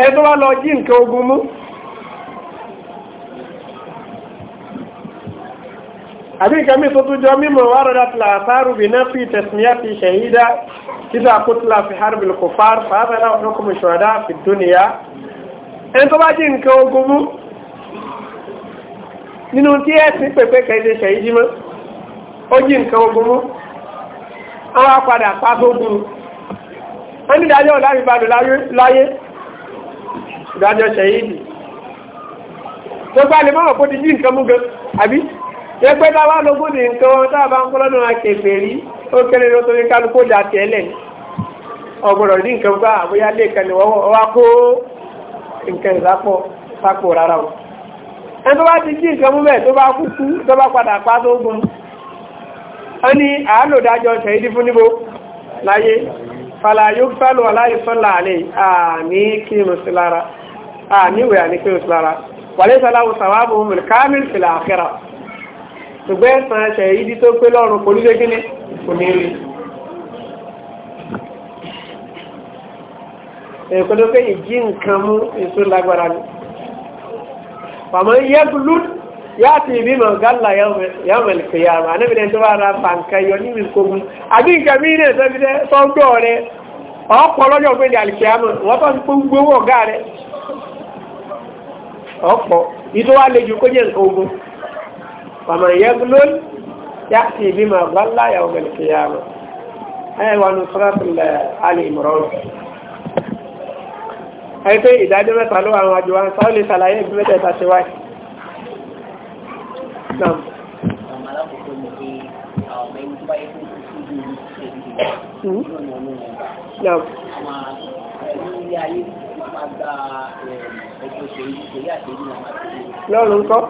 ẹni tó wá lọ jí nǹkan ogun mú àbí nǹkan mi tó tún jọ mímọ̀ wà rọ̀dá tìlà àtàrù bí náà fi tẹ̀síyà fi ṣẹ̀yídá títà kó tìlà fi harbil kufar fàáfẹ́ náà ọ̀dọ́ kùmù ṣọ̀dá fi dúnìyà ẹni tó bá jí nǹkan ogun mú nínú tí ẹ̀sìn pèpè kẹ́lẹ́ ṣẹ̀yídí mọ́ ó jí nǹkan ogun mú àwọn apadà pàtógun wọ́n ní ìdájọ́ ọ̀dáríbadò láyé ìdájọ́ ṣẹ̀yídì tó gbá lè mọ́ àbí ẹgbẹ́ tá a wá lógún ní nǹkan tá a bá ń kọ́ akẹ́fẹ́ rí ó kéré torí kálukú tẹ́lẹ̀ ní nǹkan bá lè kẹ́lẹ̀ wá kó nǹkan sápò rárá o tó bá ti jí nǹkan mú bẹ́ẹ̀ tó bá kúkú tó bá padà pa tó gun ó ní àálò dájọ́ ṣẹ̀yídí fún níbo láyé fàlàyé fẹ́lú aláìsọ́lá àlẹ́ àní mùsùlára àníwẹ̀ ṣùgbọ́n ẹ̀sán ẹ̀ṣẹ̀ yìí tó pé lọ́rùn kò ní ṣe kíni kò ní rí. èkó tó pé ìjí nǹkan mú èso lágbára ni. pàmò yẹ́gulú yáàtì ìbímọ gálà yàmẹ̀lì kìyàmà anábìdẹ tó bá ra pàǹkà yọ níbi ìkógun àbí nǹkan mí náà sọ́bìdẹ sọ́gbọ́ rẹ ọ̀pọ̀ lọ́jọ́ pé ní àlìkìyàmà wọ́n tó ń pín gbowó ọ̀gá rẹ ọ̀pọ̀ ìtọ́wà lè ju kó jẹ́ nǹkan ogun wàmọ̀ yẹ́gbọ́n yàtì bí ma gbọ́lá yàwó mẹ́lẹ̀ fi yà mọ́ ẹ wà ní sọ́rọ́tìlẹ̀ alì ìmọ̀ràn ẹ pé ìdájọ́ mẹ́ta ló àwọn àjọ wa ń sáré ṣàlàyé ìbí mẹ́tẹ̀ẹ̀ta wáyé náà. kọ́.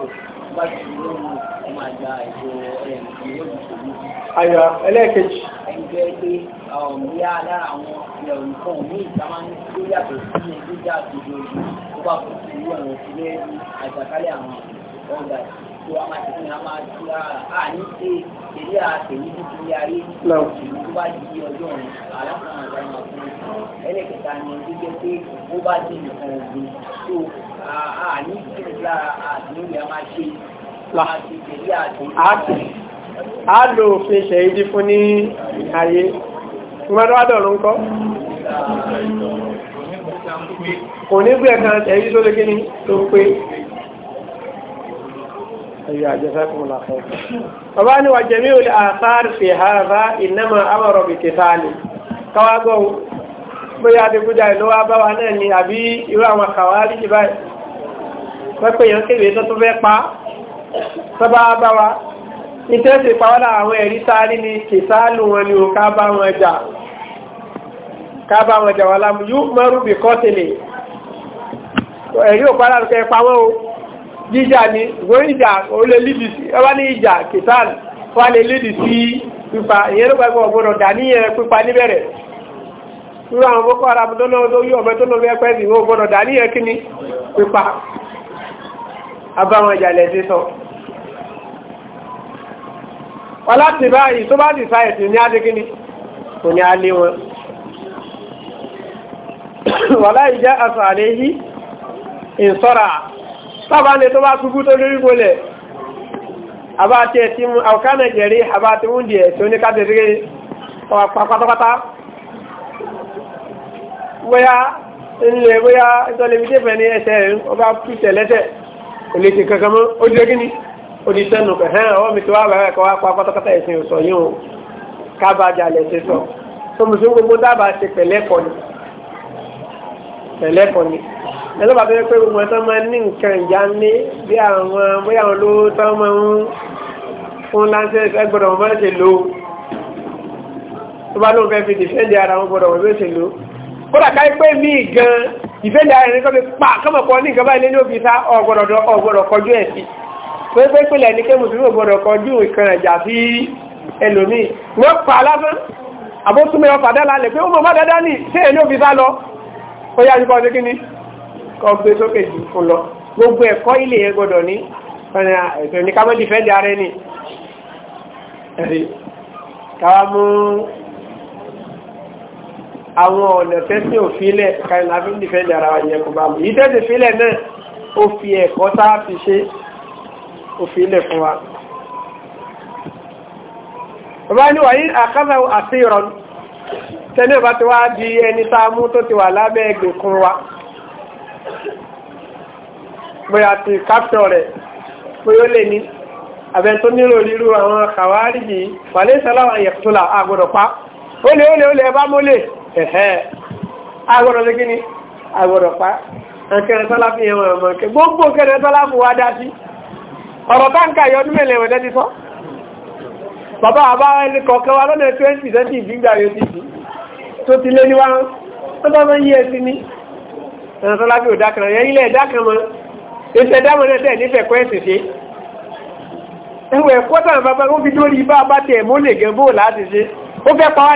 Àyà ẹlẹ́ẹ̀kejì. Ẹgbẹ́ pé bí a lára àwọn ẹ̀rù kan ní ìtàmá ní tó yàtọ̀ sí ní ìjà àtòjò ojú tó bá kò sí ìlú ọ̀rọ̀ sílẹ̀ ní àjàkálẹ̀ àwọn ọ̀gá tó a máa ti fún a máa ti a ní ṣe èdè àtẹ̀yí ní ti ayé ìlú tó bá di ọjọ́ ọ̀run alákùnrin àgbà máa fún ẹlẹ́kẹta ni ó jẹ́ pé ó bá di nǹkan ọ̀gbìn tó àní ìgbésà àdúnyà máa ṣe láti ìgbésí àti. a lò òfin ṣẹ̀yìdí fún ní ayé ìmọ̀dọ́ àdọ̀rùn kọ́ kò ní gbé ẹ̀kan ṣẹ̀yìdí tó lé kí ni tó ń pé أيها جزاكم الله خير طبعا وجميع الآثار في هذا إنما أمر بقتاله كواغو بيا دي بجاي لو أبا وانا ني أبي يوا ما خوارج باي pẹ́pẹ́ yàn kéwèé tó tó fẹ́ pa sọ́bá bá wa ní tẹ́sí pàwọ́dà àwọn ẹ̀rí sáré ni kìsálù wọn ni ò ká bá wọn jà ká bá wọn jà wọn lámú yóò mọ́rú bí kọ́tìlẹ̀ ẹ̀rí ò pàdà lókè pamọ́ o jíjà ni ìwé ìjà ó lè lídì sí ọba ní ìjà kìsálù wà lè lídì sí pípa ìyẹn ló gbàgbọ́ ọ̀gbọ́dọ̀ dà níyẹn eh, pípa níbẹ̀rẹ̀ irú àwọn boko haram tó náà tó yí ọ̀bẹ tó náà fẹ́ pẹ́ sí ìwé ọ̀gbọ́dọ̀ dà níyẹn eh, kíni pípa abáwọn ìjàlẹ̀ sí sọ wà láti báyìí tó bá dìsá ẹ̀sìn ní adékíní kò ní alé wọn wà láì jẹ́ àṣà àléhí ìṣọ́ra sábàáni tó bá ṣubú tó lórí gbolẹ̀ àbáti ẹ̀tí mú àwọ̀kánà jẹ̀rí àbáti oúnjẹ ẹ̀tí oníkàtẹ̀síkẹ́ ọ̀pá olóṣè kankan mọ́ ó jẹ́ gíní ó di sẹ́nu kẹ̀ hẹ́n ọwọ́ mi ti wá bàbá ẹ̀kọ́ wá pa pátákátá ẹ̀sìn òsọ yìí o kábàájà lẹ̀ ṣe sọ tó mùsùlùmí gbogbo dábàá ṣe pẹ̀lẹ́kọ̀ ni pẹ̀lẹ́kọ̀ ni ẹlọ́ba tó yẹ pé gbogbo ẹ̀sán máa ní nǹkan ìjà ní bí àwọn bóyá àwọn olówó tó máa ń fún láńsẹ̀ ẹgbọ̀dọ̀ wọn bá ṣe lò ó tó bá lóun fẹ́ fi dìfẹ́ǹdì ara wọn gbọ́dọ̀ wọn bí ó ṣe lò ó kódà káyí pé míì gan-an ìfẹ́ ìdá rẹ̀ kọ́ bí pa kọ́mọ̀ kọ́ ní ìjọba ilé ní òbí sá ọ̀gbọ̀dọ̀ kọjú ẹ̀ sí pé pẹ́lẹ̀ ní kémù sí ọ̀gbọ̀dọ̀ kọjú ìkan ẹ̀jà sí ẹlòmíì wọ́n pa lásán àbótúnmẹ́ ọ̀fà dá lálẹ̀ pé ó mọ̀ má dáadáa ní ṣé ẹ̀ ní òbí sá lọ ó yá nípa ọdún kíní kọ́ gbé sókè jù fún lọ gbogbo ẹ̀kọ́ ilé yẹn gbọ́dọ̀ ní ẹ̀sẹ̀ ní ká mọ́ àwọn ọ̀nà tẹ́sí òfilẹ̀ kàìlà fi ń dìfẹ́ dára wa yẹn kò bá mu yìí tẹ́sí filẹ̀ náà ó fi ẹ̀kọ́ tá a fi ṣe òfilẹ̀ fún wa. bàbá ní wàyí àkàzàwò àti ìrọ̀n tẹ́lẹ̀ bá ti wá di ẹni tá mú tó ti wà lábẹ́ ẹgbẹ̀kún wa bóyá ti kápítọ̀ rẹ̀ bóyá ó lè ní àbẹ̀ tó nílò ríru àwọn kàwárí yìí wàlé sálàwà yẹ̀kútùlà àgbọ̀dọ̀ pa ó lè ó lè ó lè ẹ mọ́lẹ̀ ẹ̀hẹ́ agbọ́dọ̀ lé kíni agbọ́dọ̀ pa nkẹrẹ fi hàn ọmọ nke, gbogbo nkẹrẹ fún wa dá sí ọ̀rọ̀ táǹkà yọ ọdún mẹ́lẹ̀ wẹ̀dẹ́ ti sọ bàbá àbá ẹni wa lọ́nà 20 cent ìgbìngbà yóò ti sí tó ti lé níwá wọ́n yí ẹ sí ní fi yẹn kan náà ṣe bàbá fi dórí bá bá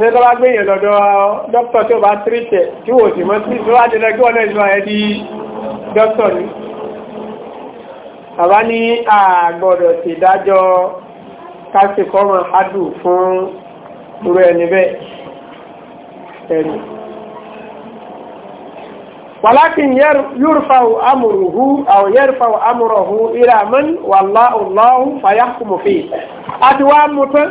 ṣe tó bá gbé yẹn lọ́dọ̀ dókítà tó bá tírìtẹ̀ tí wò sí mọ́ sí tó bá jẹ́ lẹ́gbẹ́ ọ̀nà ìlú ayẹ́ di dókítà ni àbá ní àgbọ̀dọ̀ sì dájọ́ kásìkọ́mọ̀ adù fún irú ẹni bẹ́ẹ̀ ẹ̀rù walakin yurfa'u amruhu aw yarfa'u amruhu ila man wallahu Allahu fayahkumu fihi adwa mutan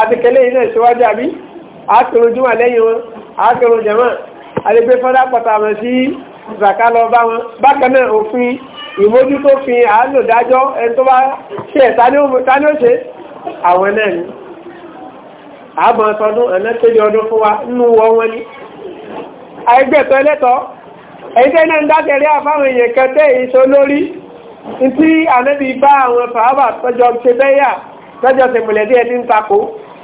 àtìkẹ́lẹ́ iná ìṣíwájú àbí àkìrún jùmọ̀ lẹ́yìn wọn àkìrún jẹ̀mọ́ àlegbé fọ́dá pọ̀tà wọn sí zaka lọ bá wọn bákan náà òfin ìmójú tó fi àánú dájọ́ ẹni tó bá ṣe ẹ̀ tani ó ṣe àwọn náà ni àbọ̀ ọ̀tọ́dún ẹ̀nà tẹ́lẹ̀ ọdún fún wa nínú wọ wọn ni àìgbẹ̀tọ́ ẹlẹ́tọ́ ẹ̀yíkẹ́ náà ń dákẹ̀rẹ́ tọ́jọ́ ṣe bẹ́yà tọ́jọ́ ṣe ń takò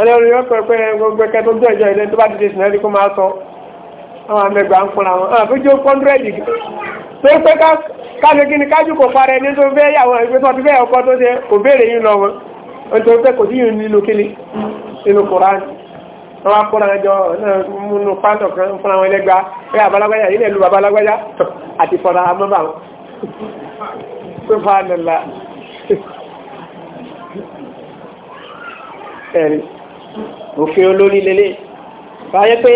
ọlọ́run yóò pẹ́ pé gbogbo ẹ̀kẹ́ tó jẹ́ ìjọ ilé tó bá ti di sùn ẹ́rí kó máa sọ àwọn amẹ́gbà ń fúnra wọn àwọn àfijó kọ́ndúrẹ́dì tó pé káṣe kí ni kájú kò fara ẹni tó fẹ́ yàwọn ìgbé tó ti fẹ́ ọkọ tó ṣe kò béèrè yín lọ wọn nítorí pé kò sí yìí nínú kíni nínú koran wọn á kóra ẹjọ múnú pátọ kan fúnra wọn lẹgba ẹ abalagbaya yìí lẹlu abalagbaya àti fọdà amọba wọn pé fáwọn nàlá ẹrí. òfin olórí lele báyé pé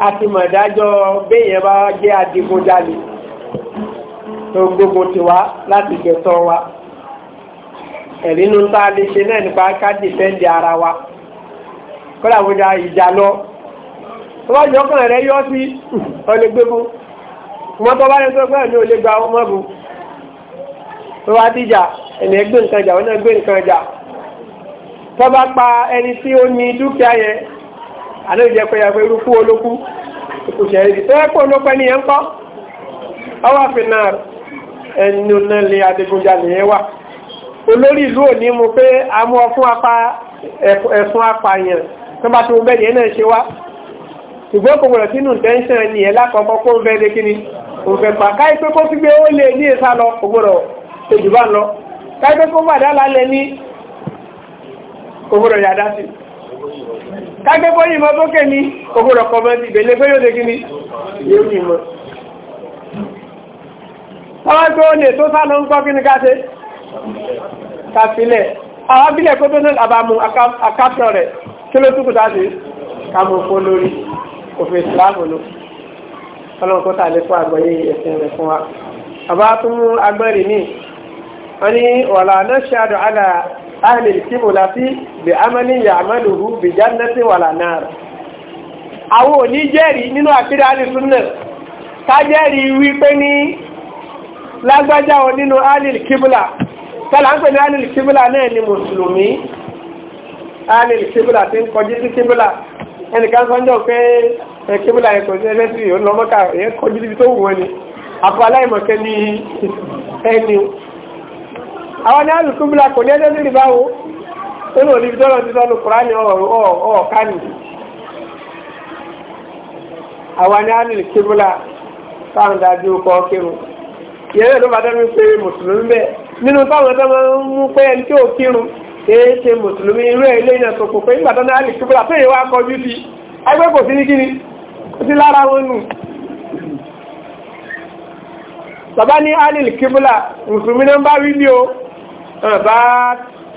a ti mọ̀ ìdájọ́ béèyàn bá jẹ́ adigunjalè tó gbogbo tiwa láti gbẹ̀tọ́ wa ẹ̀rínú tá a lè ṣe náà nípa ara wa kọ́lá wo da ìjà lọ tó bá jọ rẹ yọ sí bá ní olè gba ọmọ tó bá ẹgbẹ́ nǹkan jà nǹkan tó bá pa ẹni tí ó ní dúkìá yẹn àlóòjẹ́ pé yàgbé irúkú olókú kò ṣẹ̀rẹ̀ ìdí tó yẹ pé olókú ẹni yẹn kọ́ ọwọ́ àfinà ẹnu náà lè adigunjalè yẹn wà olórí ìlú ò ní mú pé a mú ọfún apá ẹ̀fún apààyàn tó bá ti mú bẹ́ẹ̀ yẹn náà ṣe wá ṣùgbọ́n kò gbọdọ̀ sínú tẹ́ńṣán ni ẹ̀ lákọ̀ọ́kọ́ kó ń fẹ́ lé kíni kò pa káyí kó fi gbé ó lè e ní ìsá lọ kò lọ káyí kó bàdá lálẹ́ ní kògbòrò yàdá sí kágbé bọ́ yìí mọ́ bókè ní kògbòrò kọmọ ti bèlé pé yóò dégí ní yóò yìí mọ́ wọ́n tó lè tó sá lọ ń gbọ́ kí ní káṣe kàfilẹ̀ àwọn abílẹ̀ kó tó náà àbámu akápẹ́ rẹ̀ kí ló túkù dáṣe ahli al-qibulati bi amali ya'maluhu bi jannati wala nar àwọn òní jẹ́rìí nínú àkídà alìsúnnà ká jẹ́rìí wípé ní lágbájá wọn nínú ahli al-qibla tọ́lá ń pè ní ahli al-qibla náà ni mùsùlùmí ahli al-qibla ti ń kọjú sí kíbùlà ẹnìkan sọ́njọ́ pé kíbùlà ẹ̀kọ́ sí ẹgbẹ́ sí ìhónú ọmọkà ẹ̀kọ́ àwọn ní alùsùnbùlà kò ní ẹjọ́ lórí báwo ó ní òní ìjọ́rọ̀ ti sọ́nu kùránì ọ̀ọ̀kánì àwọn ní alùsùnbùlà táwọn dájú kọ́ kírun ìyẹn ló bá dẹ́nu pé mùsùlùmí bẹ́ẹ̀ nínú táwọn tó máa ń mú pé ẹni tí ò kírun kìí ṣe mùsùlùmí irú ẹ̀ ilé ìyẹn sọ̀kò pé nígbà tó ní alùsùnbùlà tó yẹ wá kọjú sí ẹgbẹ́ kò sí ní kíni kò sí lára wọn nù bàbá ní alìl kíbùlà mùsùlùmí náà bá wí ní o ọ̀nà bá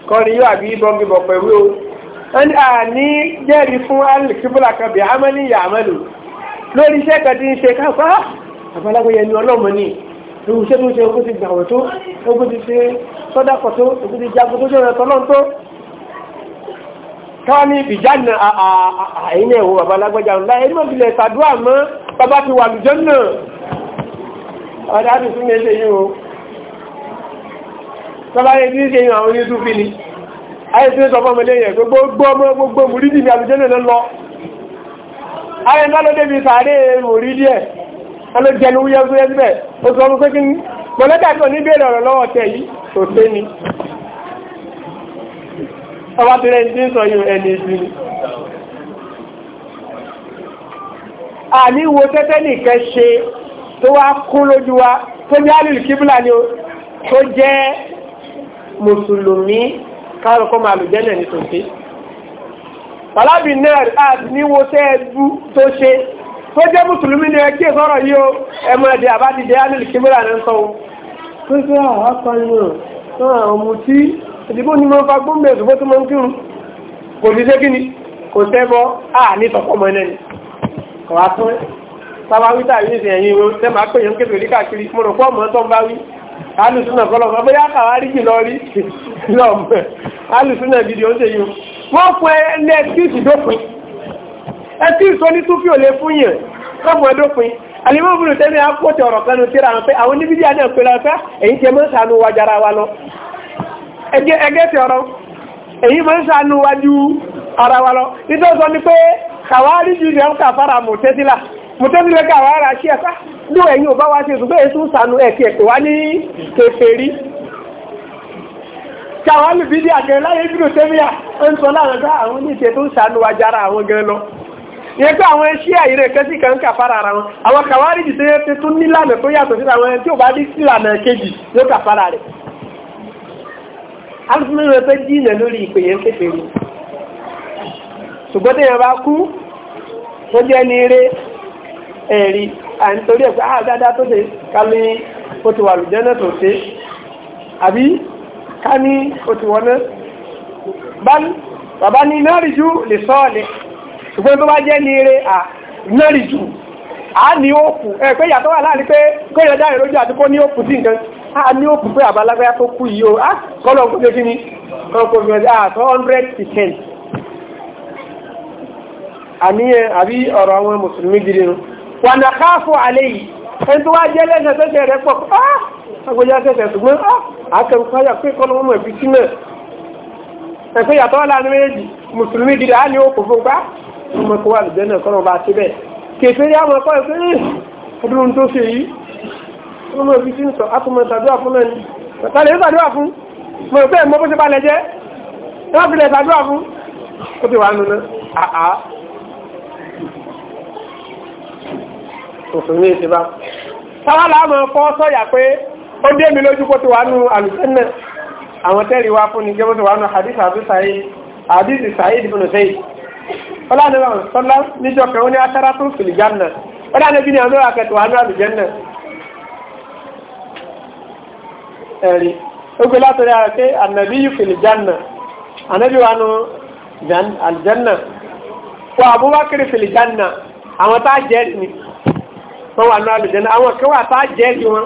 kọrin yóò àbí bọ́ǹgìbọ̀ pẹ̀lú o ẹni à ní jẹ́rìí fún alìkíbùlà kan bí amẹ́lì yà amẹ́lù lórí iṣẹ́ kan ti ń ṣe káfá àbálágbéyẹ ni ọlọ́mọ ni lórí iṣẹ́ tó ń ṣe ogún ti gbàwẹ̀ tó ogún ti ṣe sọ́dákọ̀ tó ogún ti jagun tó jẹ́ ọ̀tọ́lọ́n tó káwọn ní ìbìjáde àìní ẹ̀wọ̀ babalágbẹ́jà ńlá ẹni mọ̀ bílẹ̀ ṣàdúrà mọ́ bàbá ti wà lùjọ́ náà ọ̀dà àdùsùn ní ẹlẹ́yìn o tọ́láyé ní ṣe yàn àwọn yóò fi ni ayé tí ó sọ fọ́mọ lẹ́yìn pé gbogbo ọmọ gbogbo mùrídì ní àlùjẹ́nà lọ lọ ayé náà ló débi sàárè mùrídì ẹ̀ wọ́n ló jẹnu wúyẹ́ wúyẹ́ síbẹ̀ ó sọ fún pé kí ni mọ̀lẹ́kà tó ní bèèrè ọ̀rọ̀ lọ́wọ́ tẹ̀ yìí tó sé ni ọba tó lẹ́yìn tí ń sọ yìí ẹni ìsìn ni àní wo tẹ́tẹ́ nìkan ṣe tó wá kún lójú wa tó ní alìlú kíbùlà ni ó tó jẹ́ mùsùlùmí káàrùn kọ́ máa lùjẹ́lẹ̀ ní tòṣe pàlábì náà àti níwo tẹ́ ẹgbú tó ṣe tó jẹ́ mùsùlùmí ní ẹgbẹ́ sọ́rọ̀ yìí o ẹmọ ẹ̀dẹ̀ àbádìdẹ ánìlì kíbírà ní sọ ohun tó ṣe àwọn akọni náà ọmọ tí ìdìbò ní fa gómìnà ìdìbò tó máa ń kírun ní sọ̀kọ́mọ ni kọ̀ wá fún sábà wítà yìí ìsìn ẹ̀yìn ìwé tẹ́ máa pè yẹn kékeré káàkiri alùsùnà kọlọ̀kọ́ bóyá kàwárí jì lọ rí lọ́mọ̀ alùsùnà gidi ó ń tèyí wọ́n fún ẹ ní ẹtíìsì dópin ẹtíìsì tó ní túfì ò lè fún yẹn kọ́mù ẹ dópin alimọ́ bùnú tẹ́lẹ̀ akóòtù ọ̀rọ̀ kan tíra àwọn pé àwọn níbi díà náà pé lọ́sẹ́ èyí tẹ́ mọ́ mo tó ní lẹ́gà wàá ra sí ẹ̀ká ló ẹ̀yìn ò bá wá ṣe ṣùgbọ́n èso sànù ẹ̀kẹ́ ẹ̀kẹ́ wá ní kèfèrí káwọn lùbí ní àjẹ́ láyé bínú tẹ́míà ń sọ láwọn ká àwọn oníṣẹ́ tó ń sànù wa jára àwọn gan lọ ìyẹn pé àwọn ẹṣẹ́ àìrè kẹ́sì kan kà fara ara wọn àwọn kàwárí tí ò bá ó jẹ́ ní eré ẹ̀rí àìntorí ẹ̀pẹ́ àà ah, dáadáa tó ṣe ká tó ṣe àbí ká ní ní lè ṣùgbọ́n tó bá jẹ́ ní eré à a ní òkú ẹ̀pẹ́ wà láàrin pé àti kó ní òkú sí nǹkan a ní òkú pé tó kú a kọ́lọ̀ kọ́kọ́ fi ọjọ́ àtọ́ 100% àníyàn àbí ọ̀rọ̀ àwọn mùsùlùmí nù wà nà káàfù àlẹ́ yìí ẹni tó wá jẹ́ lẹ́sẹ̀ tẹ́sẹ̀ rẹ̀ pọ̀ agbójá tẹ́sẹ̀ ṣùgbọ́n akẹ́kọ̀ọ́yà pé kọ́ lọ́wọ́ ẹ̀bí sí náà ẹ̀fẹ́ yàtọ̀ láàrin méjì mùsùlùmí gidi á ní òkú fún gbá ọmọ ẹ̀kọ́ wà lùjẹ́ náà kọ́nà bá ti bẹ́ẹ̀ kèfé yá mọ̀ ẹ̀kọ́ ẹ̀fẹ́ ọdún tó ṣe yìí ọmọ mùsùlùmí ti bá sáwá láàmọ́ fọ́ sọ́yà pé ó dé mi lójú kó ti wà nù àlùjẹ́nà àwọn tẹ́rì wá fún ni gẹ́gẹ́ tó wà nù hadith abu sa'id hadith sa'id ibn zayd ọlọ́ni wa sọ́lá níjọ kan ó ní aṣára tó fìlì jánà ọlọ́ni bí ni àwọn mẹ́wàá kẹtù wà nù àlùjẹ́nà ẹ̀rí ó gbé látọ̀rẹ́ àrẹ pé ànàbí yìí fìlì jánà ànàbí wà nù àlùjẹ́nà wà abubakar fìlì jánà àwọn tá a jẹ́ ni wọ́n wà náà lùdẹ́nà àwọn kan wà tá a jẹ́rìí wọn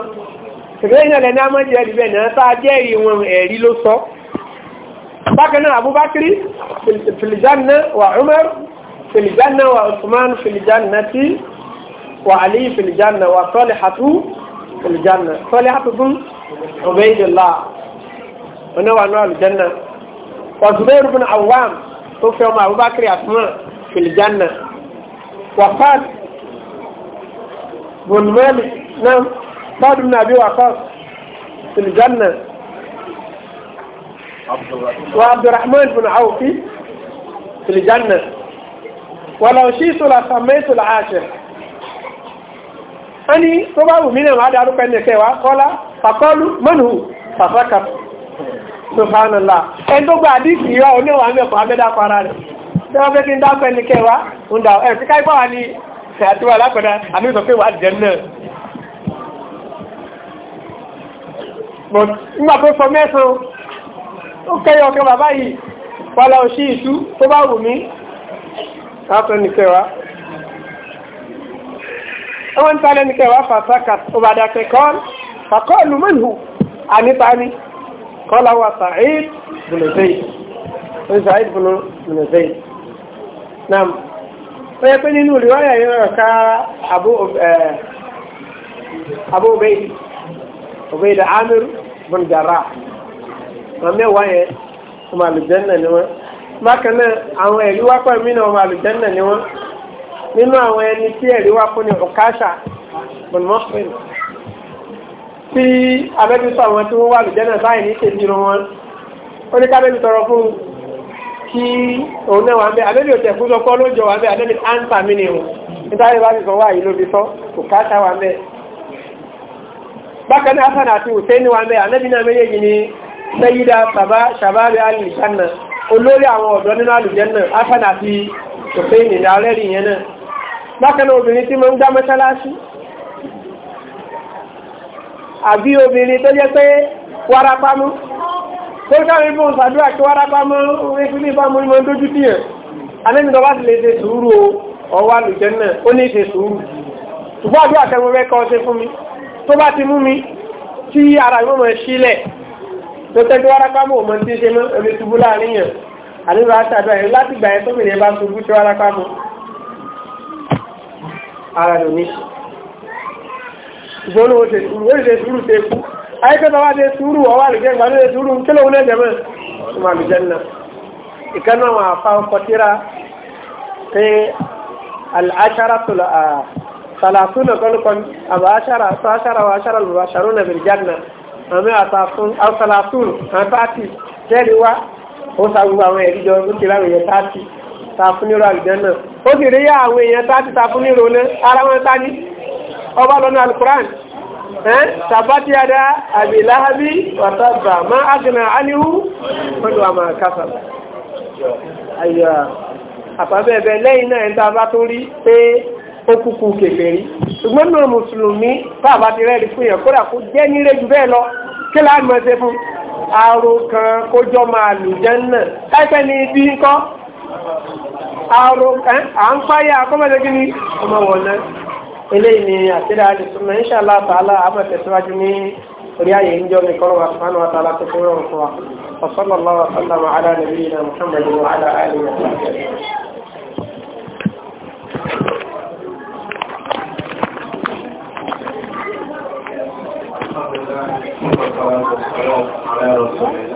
ṣùgbọ́n ìyàn lẹ́ni a máa jẹ́rìí bẹ́ẹ̀ náà tá a jẹ́rìí wọn ẹ̀rí ló sọ bákan náà Abubakar filijanna wa Umar filijanna wa Usman filijanna ti wa Ali filijanna wa Talihatu filijanna Talihatu fún Ubaydillah wọn wà náà lùdẹ́nà wa Zubair bin Awwam tó fẹ́ ọmọ Abubakar àtúmọ̀ filijanna wa Fat بن مالك نعم سعد بن أبي وقاص في الجنة وعبد الرحمن بن عوف في الجنة ولو شئت لسميت العاشر أني طبعا من هذا أروح أن يكوى قال فقالوا من هو ففكر سبحان الله أن تبقى ديك يوى ونوى أمي أبدا قرار Tí wọ́n fẹ́ kí ń dákọ̀ ẹni kẹwàá, ń dà ẹ̀ sí káìpọ̀ wà ní àti wà lápẹ̀dá àmì ìsọ pé wà jẹ́ náà nígbà tó sọ mẹ́sàn ó kẹ́yọ ọkẹ́ bàbá yìí wàlá òṣì ìṣú tó bá wù mí látọ̀ nìkẹwà wọ́n ń tàlẹ́ nìkẹwà fàṣákà ó bá dákẹ́ kọ́ọ̀lù fàkọ́ọ̀lù mọ́lù ànítàní kọ́lá wà sàáìd bùnú zaid ó yẹ pé nínú ìrìwáyà yẹn rọ̀ ká Abu Ubayd Ubayd Amir bin Jarrah wọn mẹ́wàá yẹn ọmọ àlùjẹ́nà ni wọ́n bákan náà àwọn ẹ̀rí wá pẹ̀lú mí náà ọmọ àlùjẹ́nà ni wọ́n nínú àwọn ẹni tí ẹ̀rí wá fún ni ọ̀káṣà bọ̀nmọ́fẹ́lì tí abẹ́bí sọ àwọn tí wọ́n wà àlùjẹ́nà báyìí ní ìṣèjì wọn ó ní kábẹ́bí tọrọ fún un tí òun náà wà ń bẹ àbẹ́bí ò tẹ̀kú sọ kọ́ lójọ wà ń bẹ àbẹ́bí áńtà mí ni òun nítorí bá ti sọ wáyé ló fi sọ kò káàtà wà ń bẹ. bákan náà hasan àti hussein wà ń bẹ àbẹ́bí náà méjèèjì ni sẹ́yídà sàbá sàbárí alìjánà olórí àwọn ọ̀dọ́ nínú alìjánà hasan àti hussein ní alẹ́ rí yẹn náà. bákan náà obìnrin tí mo ń gbá mọ́ṣáláṣí àbí obìnrin tó jẹ́ pé wárápámú kó káàrí bó ń sàdúrà kí wára bá mọ́ orí fílì bá mọ́ ìmọ̀ dójú tí yẹn alẹ́mìtọ́ bá ti lè ṣe sùúrù o ọwà lùjẹ́ náà ó ní ṣe sùúrù ṣùgbọ́n àdúrà tẹ́mọ fẹ́ kọ́ ṣe fún mi mi tí ara ìmọ̀ mọ̀ sílẹ̀ tó tẹ́jú wára bá mọ́ òmọ̀ tí ṣe mọ́ omi ṣubú láàrin yẹn àdúrà sàdúrà yẹn láti gbà yẹn tó mìíràn bá ṣubú tí wára bá mọ́ ara lò ní ṣùgbọ́n ó ṣe sùúrù ó ṣe ayẹ́kẹ́ta wá dé sùúrù ọwá lè jẹ́ ìgbà lóde sùúrù kí lóun náà jẹ́mọ́ ìmọ̀ àlùjẹ́nà ìkan náà wọn àfa ọkọ̀ tíra pé àṣàrà tòlà sàlàtú náà kọ́ lóko àbá àṣàrà tó àṣàrà wa àṣàrà lùbà ṣàrò náà bẹ̀rẹ̀ jáde àmì àtàkùn àṣàlàtú àtàtì jẹ́rì wá ó sàgbù àwọn ẹ̀rí jọ ó ti láwọn èèyàn tààtì tààfúnirò àlùjẹ́nà ó sì rí àwọn èèyàn tààtì tààfúnirò náà ara wọn tání ọba lọ́nà alukuráànì tàbátí adá àbí láhábí wàtàbà má ágìnà áníhù pẹ̀lú àmà kásà àyà àpàbẹ̀bẹ̀ lẹ́yìn náà ẹ̀ta bá tó rí pé ó kúkú kèfèrí ṣùgbọ́n náà mùsùlùmí tàbá ti rẹ́ẹ̀rí fún yàn kódà kó jẹ́ ní rẹ́jù bẹ́ẹ̀ lọ kí láàmọ́ ṣe fún aro kan kójọ́ máa lù jẹ́ eléyìí ni àtẹ́rẹ àdìsúnmọ̀ inṣàlá tààlà àmọ̀tẹ̀síwájú ní orí ààyè ìjọ ní kọ́rọ̀ wa sùpánù wa tààlà tó fún ọ̀rùn fún wa ọ̀sọ́lọ́lọ́ wa sọ́lá wa alá nàbí ìlà muhammadu wa alá àlè wa Thank you.